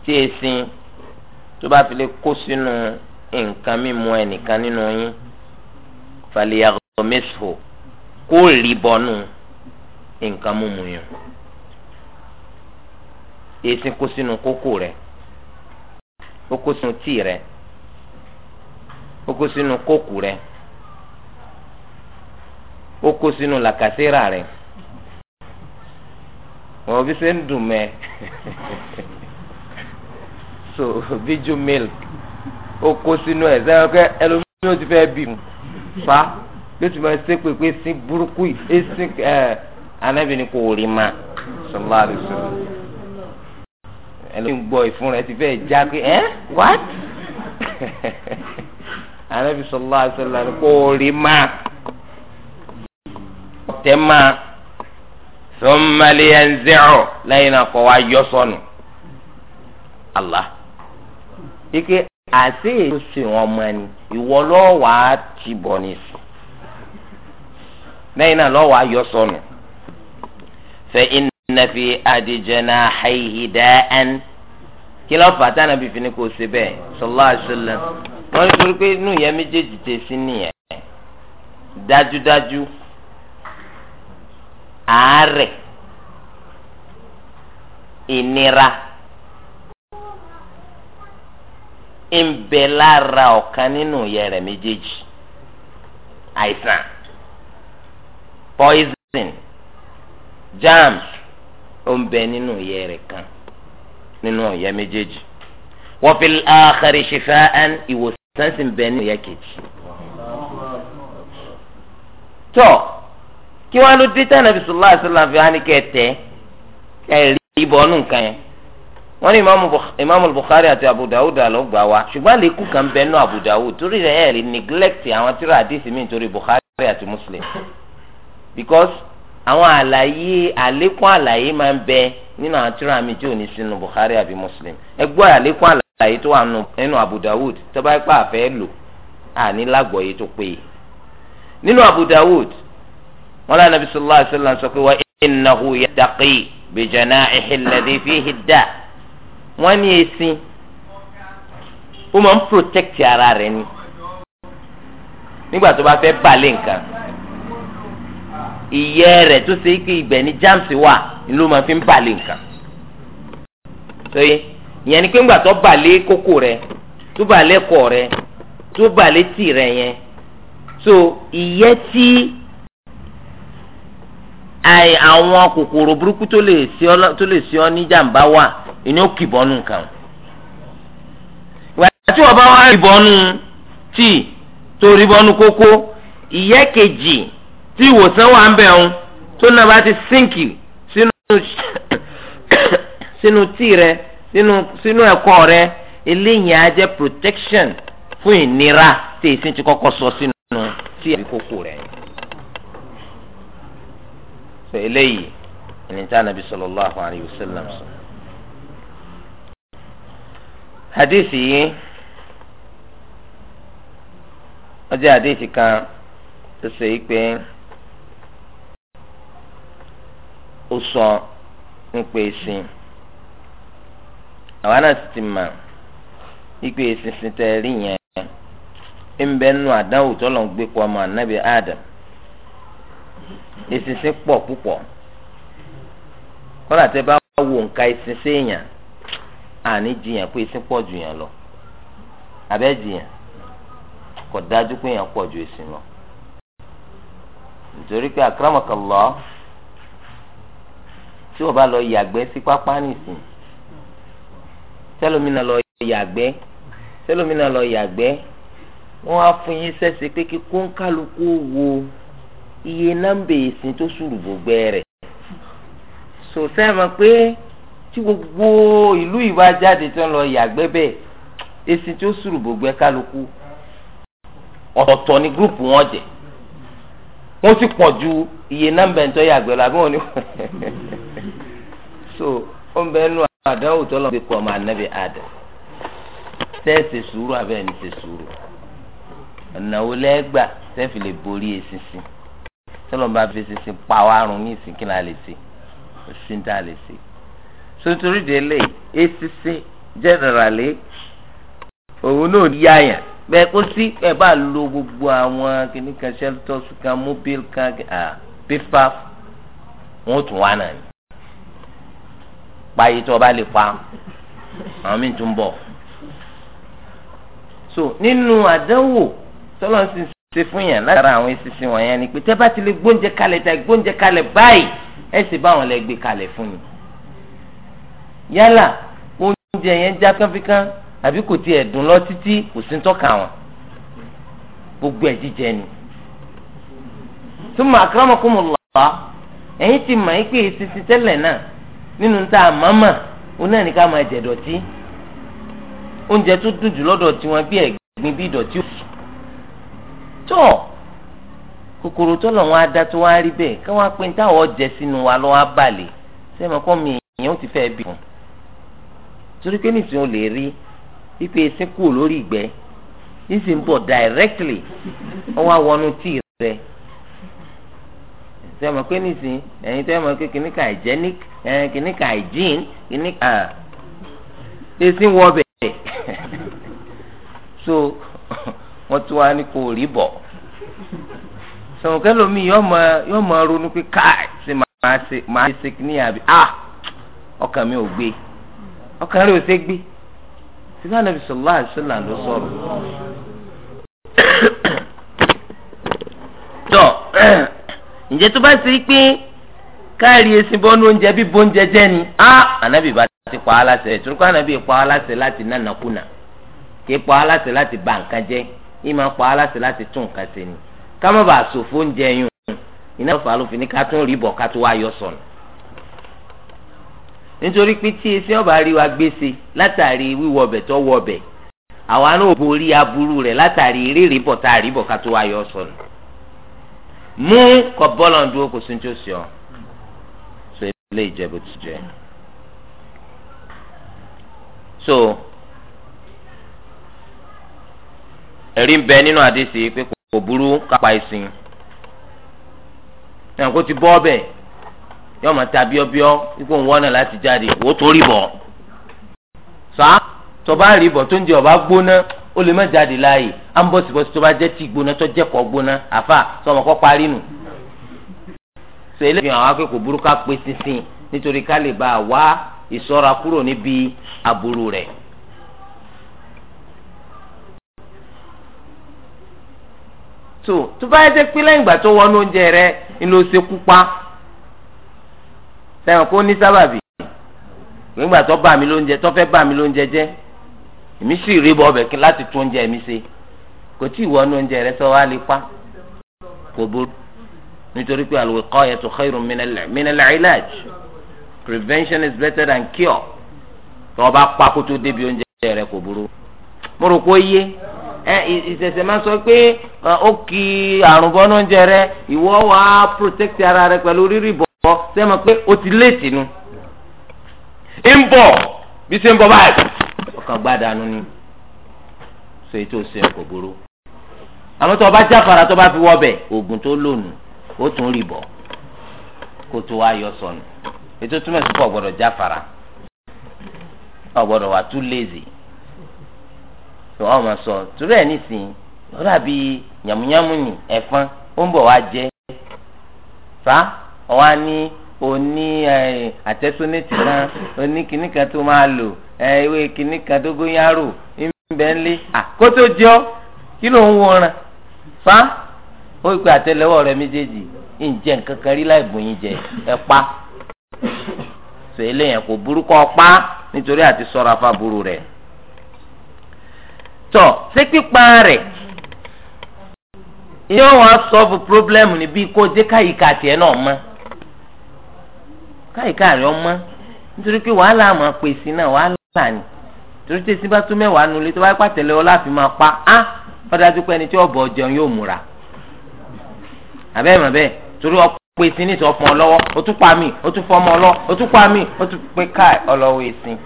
tí esin tó bá fi lè kó sínú nǹkan mímu ẹnìkan nínú yín falyaghmishu kó rì bọ́nú nǹkan mímu yẹn esin kó sínú kókó rẹ̀ ó kó sínú tíì rẹ̀ ó kó sínú kókó rẹ̀ ó kó sínú làkàṣírà rẹ̀ wọn bí ṣe ń dùn mẹ́ [LAUGHS] so viju milk ó kó sínú ẹ̀ sẹ́yìn ọkẹ́ ẹlòmíín ó ti fẹ́ bì mú fa bí ó ti máa ṣe pépé sí burúkú ẹ̀sìn ẹ̀ anábì ni kò rí ma sọlá àdùsọ ẹlòmíín gbọ́ ìfún rẹ̀ ti fẹ́ já pé ẹ́ what anábì sọlá àdùsọ lànà kò rí ma tẹ́ máa sọmọlẹ́yẹnzẹ́ọ̀ lẹ́yìn náà kọ́ wa yọ sọnù Allah ike àti èso sè wọn mọ ẹni ìwọ lọ́wọ́ á ti bọ̀ ní sùn lẹ́yìn náà lọ́wọ́ á yọ sọnù fa inna fi adijana hayhi da'an kí ló fà tánà bí fini kò ṣe bẹ́ẹ̀ sallallahu alaihi wọ́n ní torí pé inú yẹn méjèèjì tẹ̀ sí nìyẹn dájúdájú àárẹ̀ ìnira ń bẹ lára ọ̀kan nínú ìyẹ́ rẹ̀ méjèèjì àìsàn poison germs ó ń bẹ nínú ìyẹ́ rẹ̀ kan nínú ìyẹ́ méjèèjì wa fil akhari shifaan ìwòsàn sì ń bẹ nínú ìyẹ́ kejì. tọ́ kí wọn ló dé tẹnabi sọlá àṣìlá fi hàn kẹ tẹ ẹ rí bọnú nǹkan yẹn wọn ní imaamu bukhari àti abu dawud ló gbà wá ṣùgbọ́n àlékún kan bẹ nú abu dawud torí rẹ ẹ rí neglect àwọn tíra àdìsí mi nítorí bukhari àti muslim because àwọn àlàyé àlékún àlàyé máa ń bẹ nínú àwọn tíra mi tí ò ní sínú bukhari àbí muslim ẹ gbọ́ àlékún àlàyé tó wà nínú abu dawud tó bá pẹ́ àfẹ́ lò àní lágbọ̀ọ́yé tó péye nínú abu dawud wọn lọ anabi sallallahu alaihi wasallam sọ pé wa innahu yattaqi bi jana'ihi alladhi fihi dá wọn ní esin ó máa ń protect ara rẹ̀ ni nígbà tó bá fẹ́ balẹ̀ nǹkan ìyẹ́ rẹ̀ tó ṣe pé ibẹ̀ ni germs wà ni ló máa fi ń balẹ̀ nǹkan ìyẹn ni pé ńgbà tó balẹ̀ kókó rẹ̀ tó balẹ̀ kọ̀ rẹ̀ tó balẹ̀ tì rẹ̀ yẹn so ìyẹ́ tí. àì àwọn kòkòrò burúkú tó lè sí ọ tó lè sí ọ ní wà ìní ó kì bọ́nù kan. ìwà tí wọ́n bá wá rí bọ́nù tíì tó rí bọ́nù kókó ìyẹ́ kejì tí ìwòsàn wà ń bẹ̀ ń tó náà bá ti sínkì [COUGHS] sínú tíì rẹ sínú ẹ̀kọ́ rẹ eléyìí á jẹ́ protection fún ìnira tí èsì ti kọ́kọ́ sọ sínú tíì àbí kókó rẹ̀. eleyi eléyìí ẹni sallallahu alayhi wa sallam hadithi hadisi yìí ó kan tó ṣe ikpe esi ó sọ nípa ẹ̀sìn àwa náà sì ń adam. ìsinsin pọ̀ púpọ̀ kọ́lá tẹ bá wo nǹka ìsinsin èèyàn àní jiyàn pé ìsin pọ̀ ju yàn lọ abẹ́ jiyàn kò dájú pé yàn pọ̀ ju ìsin lọ nítorí pé akramakallah tí o bá lọ yàgbẹ́ sí pápá nìsín tẹlómìnà lọ yàgbẹ́ tẹlómìnà lọ yàgbẹ́ wọ́n á fún yín sẹ́sẹ́ pé kí kóńkálukú wo iye nọ́mbà èsìn tó sùrù gbogbo rẹ̀ so sẹ́mi pé tí gbogbo ìlú ìwà jáde tó ń lọ yàgbẹ́ bẹ́ẹ̀ èsìn tó sùrù gbogbo kálukú ọ̀tọ̀ọ̀tọ̀ ni gúrùpù wọn jẹ́ wọ́n ti pọ̀ ju iye nọ́mbà ẹ̀ ń tọ́ yàgbẹ́ lọ àbí wọn ni [LAUGHS] so ó ń bẹ́ẹ̀ nù àdáwò tó lọ bí kò ọmọ anabi adam tẹ́ẹ̀sì sùúrù abẹ́ẹ̀ ní ṣe sùúrù ọ̀nà wo lẹ́gbà tẹ́ẹ̀ lè borí eṣinṣin tọ́lọ́mùbá fi ṣe pa wá run ní ìsìnkí la lè ṣe òṣìṣẹ́ tá a lè ṣe. sotori de lè esise jẹ́nẹ̀rálì òun náà yáyàn bẹ́ẹ̀ kó sí ẹ̀ bá lo gbogbo àwọn kìnnìkan shelters kan mobile kan pépà wọn tún wá náà ni payé bá lè pa àwọn míì tún bọ̀ so nínú àdánwò tọ́lọ́sìn ṣe fún yàn lára àwọn esisi wọ̀nyẹn ni pé tẹ́ bá ti lè gbóúnjẹ kalẹ̀ tà gbóúnjẹ kalẹ̀ báyìí ẹ sì bá wọn lè gbé kalẹ̀ fún mi. yálà oúnjẹ yẹn já kánfíkán àbí kò tiẹ̀ dùn lọ títí kò sí tọ́ka wọn gbogbo ẹ̀ jíjẹ ni. túmọ̀ akramakumullah ẹ̀yin ti mọ̀ ẹ́ pé esisi tẹ́lẹ̀ náà nínú tá a mọ̀ọ́mọ̀ òun náà ní ká máa oúnjẹ tó dùn jù lọ́dọ̀ tiwọn bí ẹ̀gbin bí ìdọ̀tí òsùn tó kòkòrò tó lọ́wọ́ adá tó wá rí bẹ́ẹ̀ kí wọ́n á pín táwọn jẹ sínú wa lọ́wọ́ abalẹ̀ kọ́ mi èèyàn ti fẹ́ bí fún un torí pé nìsín o lè rí pípé ẹsẹ̀ kúrò lórí ìgbẹ́ nísìnyí bọ̀ directly ọwọ́ àwọnú tíì rẹ̀ sẹ́mi pé nìsín ẹ̀yin tẹ́ pé hygienic ẹ̀yin hygiene ah, [LAUGHS] wọ́n tún wá ní kò rí bọ̀ sọ̀rọ̀ kẹlòmí yọ mọ ronú pé káì ṣe máa ṣe ní àbí ah ọkàn mi ò gbé ọkàn rẹ̀ ò ṣe gbé ǹjẹ́ tó bá ṣe pé káàrí esin bọ́nú oúnjẹ bí bóúnjẹ ni ah! ànábì bá ti pa á láṣẹ ìtúrúkọ ànábì pa á láṣẹ láti nánàkúnà kí pa á láṣẹ láti nǹkan ìmọ̀ pa á láti láti tún nǹkan ṣe ni ká má bàa ṣòfò oúnjẹ yùn iná ìfà ló fi ní ká tún rí bọ̀ ká tún wá yọ sọ̀nù. nítorí pé tí esi ọba rí wa gbèsè látàrí wíwọ ọbẹ̀ tó wọ ọbẹ̀ àwa náà borí aburú rẹ̀ látàrí rírì bọ̀ tá a rí bọ̀ ká tún wá yọ sọ̀nù. mú kọ bọ́ọ̀lù dúró kò sí tó sọ so ilé ìjẹ́bù ti jẹ́ so. ẹ̀rí ń bẹ nínú àdìsí pé kò burú kápá ìsìn náà kó ti bọ́ ọbẹ̀ yóò máa ta bíọ́bíọ́ ipò ń wọ́nà láti jáde wò ó torí bọ̀ sá tọba àríbọ̀ tó ń jẹ ọba gbóná ó lè má jáde láàyè á ń bọ̀sibọ̀sì tó bá jẹ́ tí gbóná tó jẹ́ kọ́ gbóná àfà sọmọ kọ́ parí nù ṣe eléyìí àwọn akẹ́kọ̀ọ́ burúkú á pé sísìn nítorí ká lè bá a wá ìṣọ́ra kúrò níbi aburú rẹ̀. tó tó bá yẹ pé lẹ́yìn ìgbà tó wọnú oúnjẹ rẹ ni ló ṣe kú pa sẹ́wọ̀n kó ní sábàbí nígbà tó bá mi lóúnjẹ tó fẹ́ bá mi lóúnjẹ jẹ́ èmi sì rí bọ́ ọbẹ̀ kí láti tún oúnjẹ mi ṣe kò tí ì wọnú oúnjẹ rẹ sọ wá lè pa kò burú nítorí pé al-wiqayatu khayrun min al-ilaj prevention is better than cure tó o bá pa kó tó débi oúnjẹ rẹ kò burú mo rò pé yé. ẹ ìṣẹ̀ṣẹ̀ máa sọ pé ó kì í àrùn bọ́nú oúnjẹ rẹ ìwọ wà á protect ara rẹ pẹ̀lú rírì bọ̀ sẹ́mọ̀ pé o ti léètì nu. ń bọ̀ bí ṣe ń bọ̀ báyìí ọkàn gbádàánú ni so èyí tó ṣe kò burú. àmọ́ tó o bá jáfara tó o bá fi wọ́ bẹ̀ oògùn tó lónìí ó tún rì bọ̀ kó tó wá yọ sọnù ètò túmọ̀ sí pọ̀ gbọ́dọ̀ jáfara ọ̀ gbọ́dọ̀ wà tún léèzì tó wọn máa sọ torí ẹ nísìnyí ó dàbí yàmúyàmú ni ẹ̀fọn ó ń bọ̀ wá jẹ fa ọwọ́ ní oní àtẹ́sónétì kan oní kìnnì kan tó máa lò ewé kìnnì kan tó góyàrò ńbẹ ńlé àkótó jọ kí ló ń wọran fa ó gbé àtẹ́lẹwọ́ rẹ̀ méjèèjì ǹjẹ́ nǹkan kan rí láì bùn yín jẹ ẹ pa sọ eléyàn kò burúkọ pa nítorí àti ṣọ́ra fáburú rẹ̀. tọ̀ ṣé pípa rẹ̀ ìyá wọn á sọ́ọ̀bù pírọ́blẹ́mù kó dé káyìíká náà mọ́ káyìíká ọmọ nítorí wàhálà náà wàhálà ni torí tí esi bá tún mẹ́wàá nulẹ̀ tó bá yẹ pàtẹ́lẹ̀ ọlá fi máa pa á fọdájú pé ẹni tí ọ̀bọ̀ jẹun yóò múra àbẹ́ẹ̀ bẹ́ẹ̀ torí ọkọ̀ pèsè ní ìsọfún pa mí tún fọmọ ọ tún pa mí tún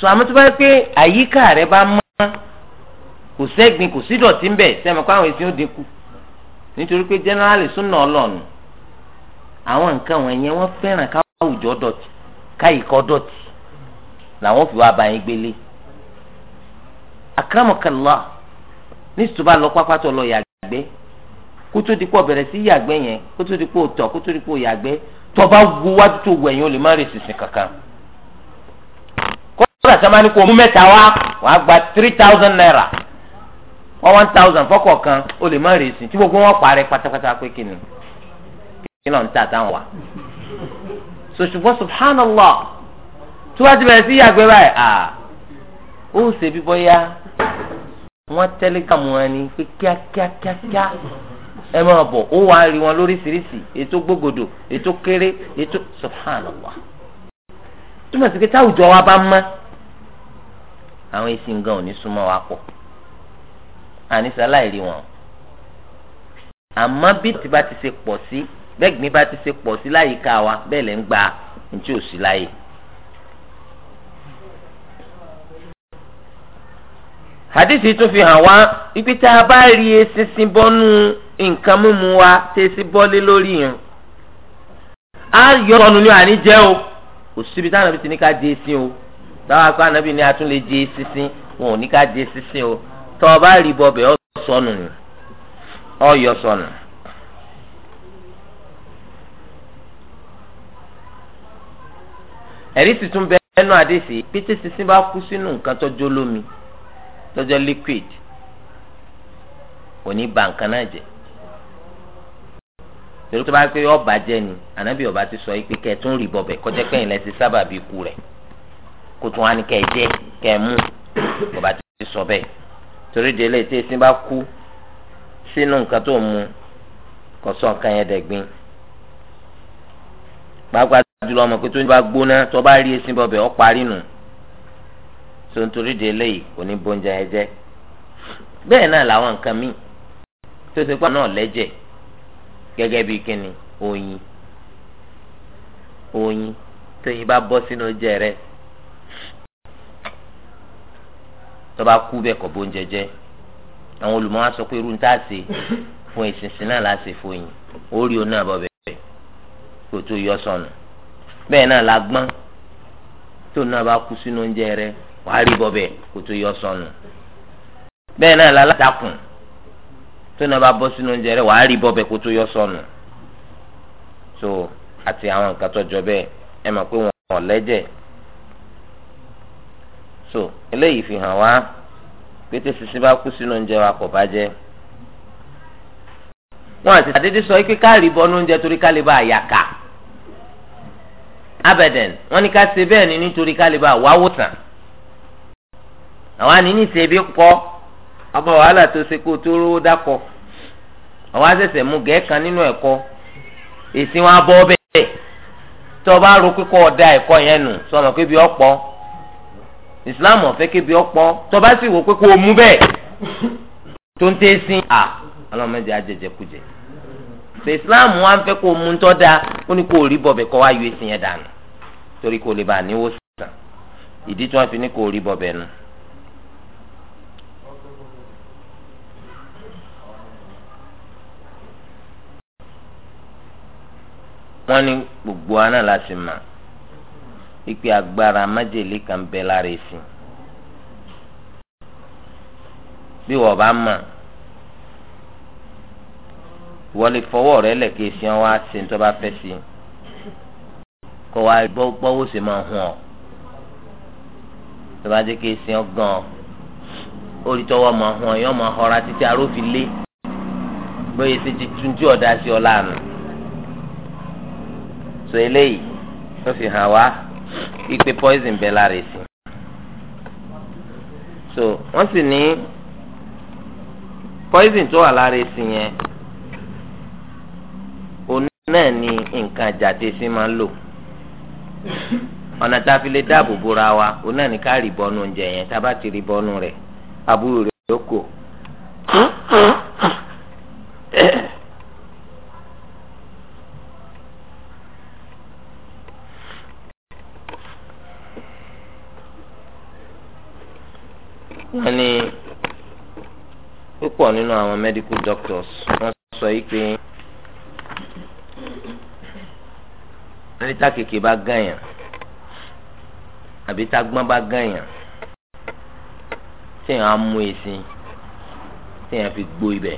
sọ àmọ́ tó bá pé àyíká rẹ bá mọ́ kò sẹ́gbin kò sí dọ̀tí ń bẹ̀ sẹ́mi kó àwọn èsì ó dínkù nítorí pé jẹ́nẹ́rálì súnà ọlọ́ọ̀nù àwọn nǹkan wọ̀nyẹn wọ́n fẹ́ràn káwùjọ dọ̀tí káyìíkọ́ dọ̀tí làwọn fi wá bá yín gbélé akramakala nítorí bá lọ pápátọ̀ lọ yàgbẹ́ kótó dikpọ̀ bẹ̀rẹ̀ sí yàgbẹ́ yẹn kótó dikpọ̀ tọ̀ kótó dikpọ̀ yàgbẹ́ tọ́ bá wu wájú tó wẹ̀yìn ó lè má rè sísìn kankan. kódà sábà ní kò mú mẹ́ta wá wàá gba three thousand naira wọ́n one thousand fọ́kọ̀ọ̀kan o lè má rè sí tí gbogbo wọn parẹ́ pátápátá pé kí ni kí ló ń ta táwọn wa. so ṣùgbọ́n subhanallah tí wọ́n ti bẹ̀rẹ̀ sí yàgbé báyìí à ó ṣe bí bọ́yá wọ́n tẹ́lẹ̀kàmù wọn ni pé kíákíákíá ẹ máa bọ̀ ó wàá rí wọn lóríṣiríṣi ètò gbogbodo ètò kéré ètò subhanallah túmọ̀ sí pé táwùjọ wa bá mọ́ àwọn èsì nǹkan ò ní súnmọ́ wa pọ̀ àníṣàláì rí wọn àmọ́ bí tí bá ti ṣe pọ̀ sí bẹ́ẹ̀ gbin bá ti ṣe pọ̀ sí láyìíká wa bẹ́ẹ̀ lẹ́ ń gba ní ò sí láyè. hadisi tún fi hàn wá ibi tá a bá rí eṣinṣin bọ́nú nǹkan mímu wa tẹ̀sí bọ́lé lórí yẹn. a yọ ọ́nù ní àní jẹ́ o kò síbi táwọn ibi tí ní ká di eṣin o táwọn akọ anabi ni atún lè jẹ sísìn wọn ò ní ká jẹ sísìn o tọ́ ọ bá rí bọbẹ ọ sọnù ni ọ yọ sọnù. ẹ̀rí sì tún bẹ ẹnu àdéhìí pété sísìn bá kú sínú nǹkan tọ́jọ́ lómi tọ́jọ́ liquid kò ní ba nǹkan náà jẹ́ torí bá pé ọba jẹ ni ànábì ọba ti sọ yìí pé kẹ́ẹ̀ tún rí bọbẹ kọjá pẹ́yìn lẹ́sìn sábà bí ikú rẹ̀ kó tún wá ní kẹ́ ẹ jẹ kẹ́ ẹ ti sọ bẹ́ẹ̀ torí délé tí èsì bá kú sínú nǹkan tó mu kò sọ nǹkan yẹn dẹ̀gbin pàápàá jùlọ ọmọ pé tó ń bá gbóná tó bá rí èsì bọ̀bẹ̀ ọ́ parí nù tó ń torí délé yìí kò ní bóúnjẹ yẹn jẹ bẹ́ẹ̀ náà làwọn nǹkan míì tó ti pa náà lẹ́jẹ̀ gẹ́gẹ́ bíi kíni oyin oyin tó yin bá bọ́ sínú jẹ rẹ̀ tọba kú bẹ́ẹ̀ kọ́ bóúnjẹ jẹ àwọn olùmọ̀ wa sọ pé irú níta ṣe fún ìsinsin náà láṣẹ fún yín ó rí oní àbọ̀ bẹ́ẹ̀ kó tó yọ sọnù bẹ́ẹ̀ náà la gbọ́n tó náà bá kú sínú oúnjẹ rẹ wàá rí bọ́ bẹ́ẹ̀ tó yọ sọnù bẹ́ẹ̀ náà la látàkùn tó náà bá bọ́ sínú oúnjẹ rẹ wàá rí bọ́ bẹ́ẹ̀ tó yọ sọnù so àti àwọn nǹkan tó jọ bẹ́ẹ̀ ẹ mọ̀ pé wọn ò lẹ́jẹ̀ so eléyìí fi hàn wá pété sisi bá kú sínú oúnjẹ wa kò bá wọn àti àdédé sọ pé ká rí bọ́nú oúnjẹ torí ká lè bá àyàkà abẹ́dẹ̀n wọn ni ká ṣe bẹ́ẹ̀ ni nítorí ká lè bá àwáwò tàn àwọn àníní ṣe ebi kọ́ ọba wàhálà tó ṣe kó tó rówó dákọ̀ àwọn àṣẹ̀ṣẹ̀ mú kan nínú ẹ̀kọ́ èsì wọn abọ́ bẹ́ẹ̀ tọ́ o bá ro pé kó ẹ̀kọ́ yẹn nù sọmọ pé bí ọ̀pọ̀ islam ọ̀fẹ́ kébi ọ̀pọ̀ tọba sì wò pé kó o mú bẹ́ẹ̀ tó ń tẹ́ sí à ọlọ́mọdé ajẹjẹ kújẹ ṣe islam wa ń fẹ́ kó o mú ń tọ́ da ó ní kó o rí bọ̀bẹ̀ kọ́ wá yọ èsì yẹn dànù torí kó lè bá a níwó sàn ìdí tí wọ́n fi ní kó o rí bọ̀bẹ̀ nu. wọ́n ní gbogbo aná láti máa wípé agbara májèlé kan bẹ lára èsì bí wọ́n bá mọ̀ wọ́n lè fọwọ́ rẹ lẹ̀kẹ́ sí wọn wá sí ní tó bá fẹ́ sí kó wá gbọ́wọ́ sí máa hùn ọ́ tó bá jẹ́ kí esi ọ́ gan ọ́ olùtọ́wọ́ máa hùn ọ́ yọ́ máa họra títí arófin lé bóyá esi ti tún tí ọ̀dà sí ọ láàánú. sọ eléyìí ipe poison bẹ lára èsì so wọ́n sì ní poison tó wà lára èsì yẹn òun náà ni nǹkan àjàdé sí máa ń lò ọ̀nà tá a fi lè dáàbò bora wa òun náà ká rí oúnjẹ yẹn tá a bá ti rí rẹ̀ aburú rẹ̀ yóò kò. púpọ̀ nínú àwọn medical doctors wọ́n sọ yìí pé ẹni tá kèké bá gànyàn àbí tá gbọ́n bá gànyàn téèyàn á mú èsì téèyàn fi gbó ibẹ̀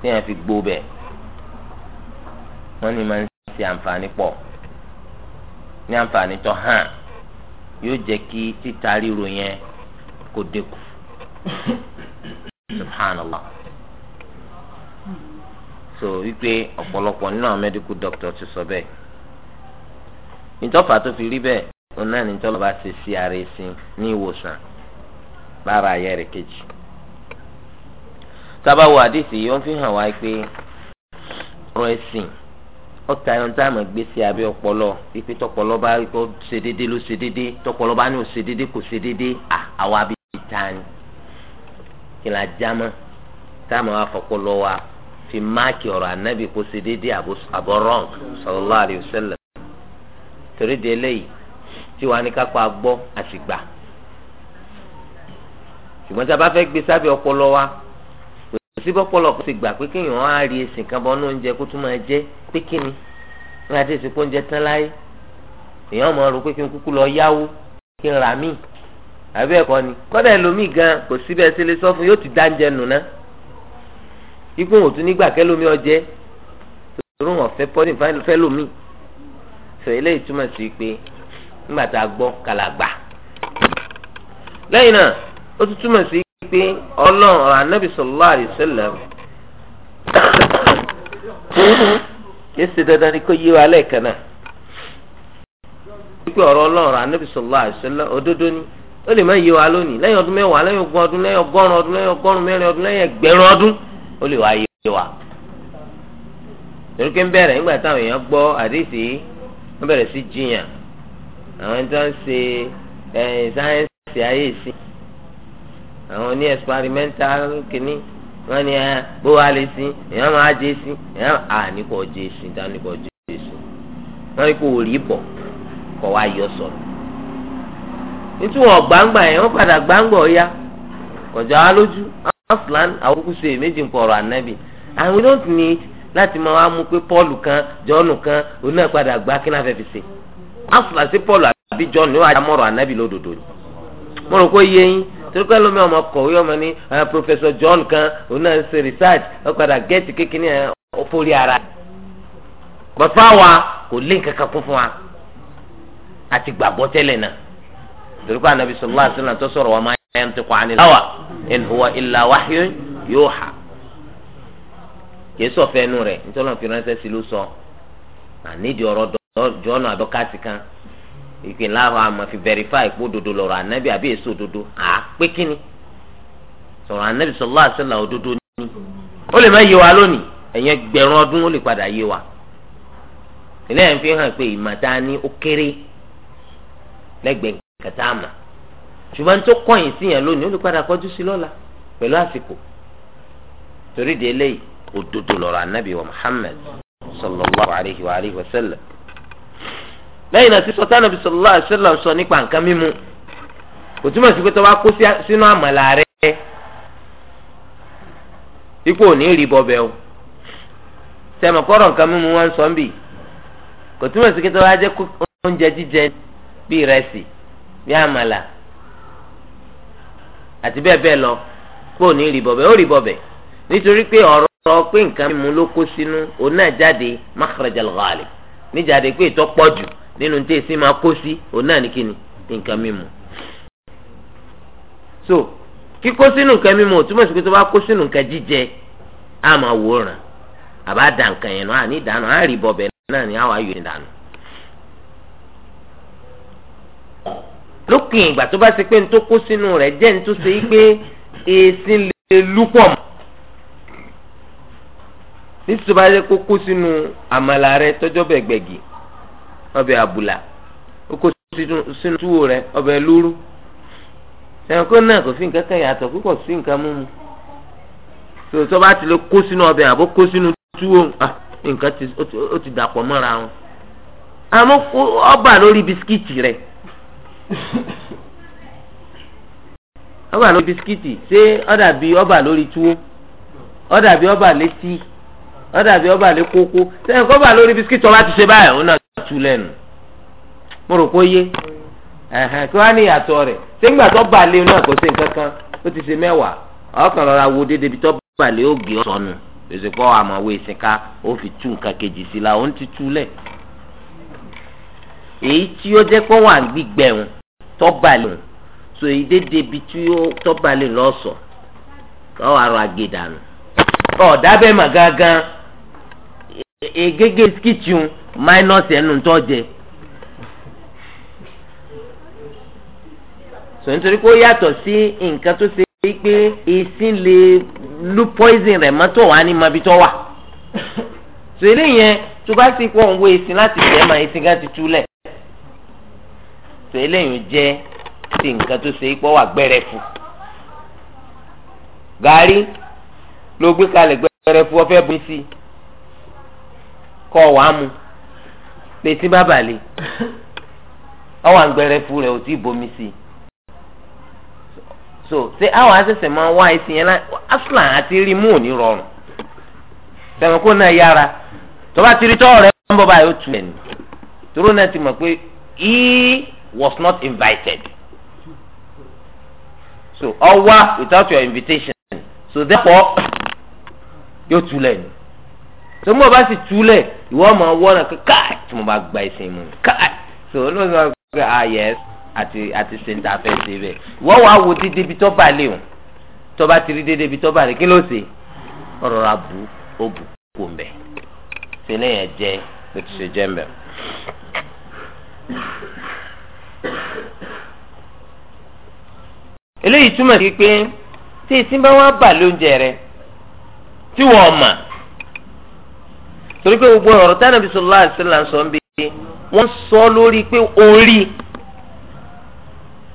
téèyàn fi gbó bẹ̀ wọ́n ní máa ń ṣe àǹfààní pọ̀ ní àǹfààní tó hàn yóò jẹ́ kí títa ríro yẹn kó dínkù subhanallah so wípé ọ̀pọ̀lọpọ̀ nínú àwọn medical doctor ti sọ bẹ́ẹ̀ ìjọba tó fi rí bẹ́ẹ̀ òun náà níjọba bá ṣe sí ara ẹ̀sìn ní ìwòsàn lára ayé rẹ̀ kejì tábàwọ̀ àdìsí yìí ó ń fi hàn wá pé ọ̀rọ̀ ẹ̀sìn ọ̀tá ẹran tá a mọ̀ gbé sí abẹ́ ọpọlọ wípé tọpọlọ bá ṣe déédéé ló ṣe déédéé tọpọlọ bá ní ò kò ṣe déédéé àwọn abiyita ni kí la jámọ́ táwọn afọkọ lọ wa fi máàkì ọ̀rọ̀ ànábì kó ṣe déédéé àbọrọn sallallahu alaihi wasallam torí de eléyìí tí wàá ní kápá gbọ́ àsìgbà ṣùgbọ́n tí a bá fẹ́ gbé sábẹ́ ọpọlọ wa kò sí bọ́pọlọ kò sì gbà pé kéèyàn á rí èsì kan bọ́ ní oúnjẹ kó tún máa jẹ pé kí ni wọn àti èsì kó oúnjẹ tán láyé èèyàn mọ̀ ọ́ pé kí n kúkú lọ yáwó kí n rà míì àbí ẹ̀kọ́ ni kọ́dà ẹlòmíì gan kò síbẹ̀ ṣe yóò ti dáńjẹ nù ná ikú nígbà kẹlòmíì ọjẹ́ torí wọn fẹ́ pọ́nì fẹ́lòmíì sọ eléyìí túmọ̀ sí pé nígbà tá a gbọ́ kàlàgbà lẹ́yìn náà ó tún túmọ̀ sí pé ọlọ́run anábì ṣe dandan ni yé wa lẹ́ẹ̀kan náà wípé ọ̀rọ̀ ni. ó lè má yé wa lónìí lẹ́yìn ọdún mẹ́wàá lẹ́yìn ogún ọdún lẹ́yìn ọgọ́rùn ọdún lẹ́yìn ọgọ́rùn mẹ́rin ọdún lẹ́yìn ẹgbẹ̀rún ọdún ó lè wá yé wa. torókè ń bẹ̀rẹ̀ nígbà táwọn èèyàn gbọ́ àdéhìsí wọ́n bẹ̀rẹ̀ sí jiyàn àwọn tó ń ṣe sáyẹ́nsì ayé ìsìn àwọn ní experimental kìíní wọ́n ní bó wa lè sin èèyàn máa jẹ́ sí èèyàn à ní kò jẹ́ sí jẹ́ sí wọ́n ní kò rí bọ̀ kò wá yọ sọ̀rọ̀ nítorí wọn gbangba yẹn wọn padà gbangba ọ̀ya kọjá wa lójú aslan àwọn kúkú ṣe méjì ń anabi ànábì and we don't need láti máa wá mú pé paul kan john kan òun náà padà gba kí náà fẹ́ fi ṣe aslan sí paul àbí john ni wọ́n á mọ̀rọ̀ lódodo ni mo rò pé yé yín torí pé lómi ọmọ kọ̀wé ọmọ ní eh, professor john kan òun náà research wọ́n padà toríko anabi sọlá àṣìlá tó sọ̀rọ̀ wa máa ń tó kọ́ ànilá wa in huwa illa wahyu yuha kìí sọ fẹ́nu nítorí wọn fi ránṣẹ́ sí ló sọ àníjì kan ìpín láwọn fi verify pé òdodo lọrọ anabi àbí èso òdodo à pé kíni òdodo ni ó lè má yé wa lónìí ẹ̀yẹn gbẹ̀rún ọdún ó lè padà yé wa ilé kẹta àmà ṣùgbọ́n tó kọ̀yìn sí yẹn lónìí ó lè padà kọjú sí lọ́la pẹ̀lú àsìkò torí de eléyìí òdodo lọ́rọ̀ anabi wa muhammed sallallahu alayhi wa alayhi wa sallam lẹ́yìn náà sísọ tá sallallahu alayhi wa sallam sọ nípa nǹkan mímu kò túmọ̀ sí pé tó bá kó sínú àmàlà rẹ̀ ipò ò ní rí bọ́bẹ̀ o sẹ́mi kọ́rọ̀ nǹkan mímu wọn sọ ń bì kò túmọ̀ sí pé tó bá jẹ́ oúnjẹ jíjẹ bíi rẹ̀ sí bí àmàlà àti bẹ́ẹ̀ bẹ́ẹ̀ lọ kó ní rìbọ̀bẹ̀ ó rìbọ̀bẹ̀ nítorí pé ọ̀rọ̀ pé nǹkan mímu ló kó sínú òun náà jáde makhraj al pé ìtọ́ pọ̀ jù nínú tí èsì máa kó sí òun náà ní kíni nǹkan mímu. so kíkó sínú nǹkan mímu pé tó bá kó sínú nǹkan jíjẹ á máa wòran àbá dà nǹkan yẹn náà ìdáná á náà ni á yọ ìdáná. lókè ìgbà tó bá ṣe pé ní tó kó sínú rẹ̀ jẹ́ ní tó ṣe yí pé èsì lè lú pọ̀ mọ́ nítorí bá yẹ kó kó sínú àmàlà rẹ̀ tọ́jọ́ bẹ̀gbẹ̀gì ọbẹ̀ àbùlà ó kó sínú túwò rẹ̀ ọbẹ̀ lúrú sẹ́wọ̀n kó náà kò fi nǹkan kan yàtọ̀ púpọ̀ sí nǹkan mímu tòótọ́ bá ti lè kó sínú ọbẹ̀ àbó kó sínú túwò ah, nǹkan ó ti dàpọ̀ mọ́ra wọn àmọ́ ọba lórí bisikíìtì rẹ̀. [COUGHS] ọba lórí bisikíìtì ṣé ọ̀dà bíi ọba lórí túwó ọ̀dà bíi ọba létí ọ̀dà bíi ọba lé kókó sẹ́yìn kọ́ba lórí bisikíìtì ọba ti ṣe báyìí òun náà tu lẹ́nu mo rò pé yé kí wọ́n á ní ìyàtọ̀ rẹ̀ ṣé ńgbà tó bà lé náà kò sí nǹkan kan ó ti ṣe mẹ́wàá ọkàn lọ́ra wo déédéé bí tó bà lé ògì ọ̀sọ̀nù èsì kọ́ àmọ̀wé ìsìnká ó fi tú nǹkan kejì sí la òun ti tu lẹ̀ èyí tí ó jẹ́ pé wọ́n à ń tọ́balẹ̀ nù so ìdédé bi tí ó tọ́balẹ̀ lọ sọ káwọn arọ agédànù ọ̀dà bẹ́ẹ̀ mà gángan e, egége kitchen minus ẹnu tó jẹ so nítorí pé ó yàtọ̀ sí nǹkan tó ṣe é pé ìsín lè lu poison rẹ̀ mọ́tò wá ní mọ́bí tó wà so eléyẹn tó bá sì pọ̀ ń wo ìsín láti tẹ̀ ẹ́ mà ìsín gan ti túlẹ̀. tó eléyìí jẹ ti nǹkan tó ṣe ipò wà gbẹrẹfu gàrí ló gbé kalẹ̀ gbẹrẹfu ọfẹ́ bu sí kọ́ wàá mu pèsè bàbà lè ọwọ́ rẹ̀ ò tí bomi sí so ṣé àwọn asẹsẹ máa wá ẹsìn yẹn àti òní rọrùn kó náà yára ń báyìí ó ti pé was not invited. So ọwá without your invitation. So therefore yóò túlẹ̀ ni. So mo bá sì túlẹ̀ ìwọ ọmọ wọ́n náà káì tí mo bá gba ìsìn mu káì. So olóòtú náà gbé ah yes àti àti sèǹtà fẹ́ ṣe bẹ́ẹ̀. Ìwọ wàá wo dídé ibi tó bá léwu tó bá ti rí dédé ibi tó bá lé kí ló ṣe? Ọ̀rọ̀ ra bu ó bu kò mbẹ̀. Ṣé lẹ́yìn ẹ̀ jẹ́ pé kì í ṣe jẹ́ mbẹ̀? eléyìí túmọ̀ sí pé tí ìsìn bá wá bà lóúnjẹ rẹ tí wọ́n mọ̀ torí pé gbogbo ọ̀rọ̀ táwọn ẹbí sọlá àti sọlá ń sọ ń bẹ wọ́n sọ lórí pé orí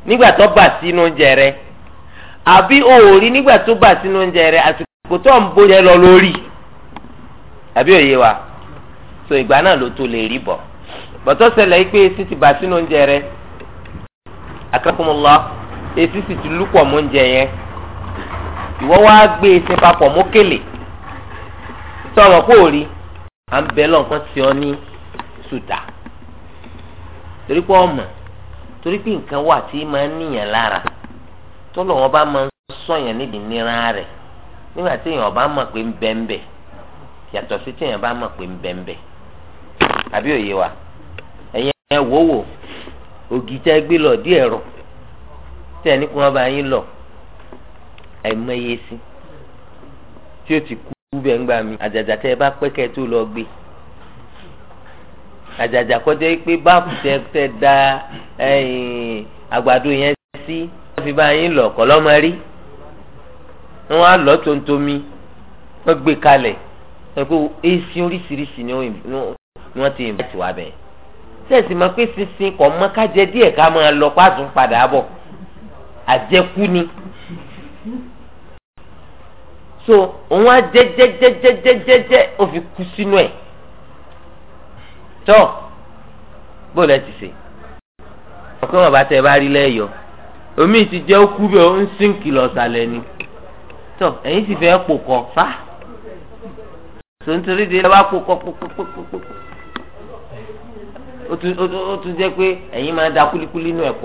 nígbà tó bà sínú oúnjẹ rẹ àbí òòrí nígbà tó bà sínú oúnjẹ rẹ àsìkò tó ń lọ lórí àbí òye wa so ìgbà náà ló tó lè rí bọ̀ bọ̀tọ́ ṣẹlẹ̀ yìí pé etí ti bà sínú oúnjẹ rẹ akramakumullah èsì sì ti lúpọ̀ mọ́ oúnjẹ yẹn ìwọ́ wá gbé e papọ̀ rí à ń bẹ̀ ní torí pé ọmọ torí pé nǹkan wà tí máa ń níyàn lára bá máa ń sọ̀yàn níbi níra rẹ̀ nígbà tí èèyàn bá mọ̀ pé ń bẹ́ ń bẹ̀ yàtọ̀ ògìjà gbé lọ díẹ̀ rọ tí ẹni kí wọ́n bá yín lọ àìmọye sí tí ó ti kú bẹ́ẹ̀ ń gbà mí àjàjà tẹ́ ẹ bá pẹ́ kẹ́ tó lọ gbé àjàjà kọjá pé báàpù tẹ́ tẹ́ da àgbàdo yẹn sí wọ́n fi bá yín lọ kọ́ lọ́mọ rí wọ́n á lọ tontomi wọ́n gbé kalẹ̀ ẹ pé èsì oríṣiríṣi ni wọ́n ti invite wa bẹ́ẹ̀ tẹ̀sí ma pé sísìn kọ̀ mọ́ kájẹ díẹ̀ ká máa lọ pàtó padà bọ̀ àjẹkú ni. so òun á jẹ jẹ jẹ jẹ jẹ jẹ jẹ ó fi kú sínú ẹ̀ tọ́ bó lẹ ti ṣe ọ̀pẹ́ wọn bá tẹ bá rí lẹ́yọ̀ omi ti jẹ́ ó kú bí ó ń sínkì lọ́sàlẹ̀ ni tọ́ ẹ̀yin sì fẹ́ pò kọ́ fa sọ nítorí de ẹ bá pò kọ́ pò pò pò pò. ó tún jẹ́ pé ẹ̀yin máa da kulikuli inú ẹ̀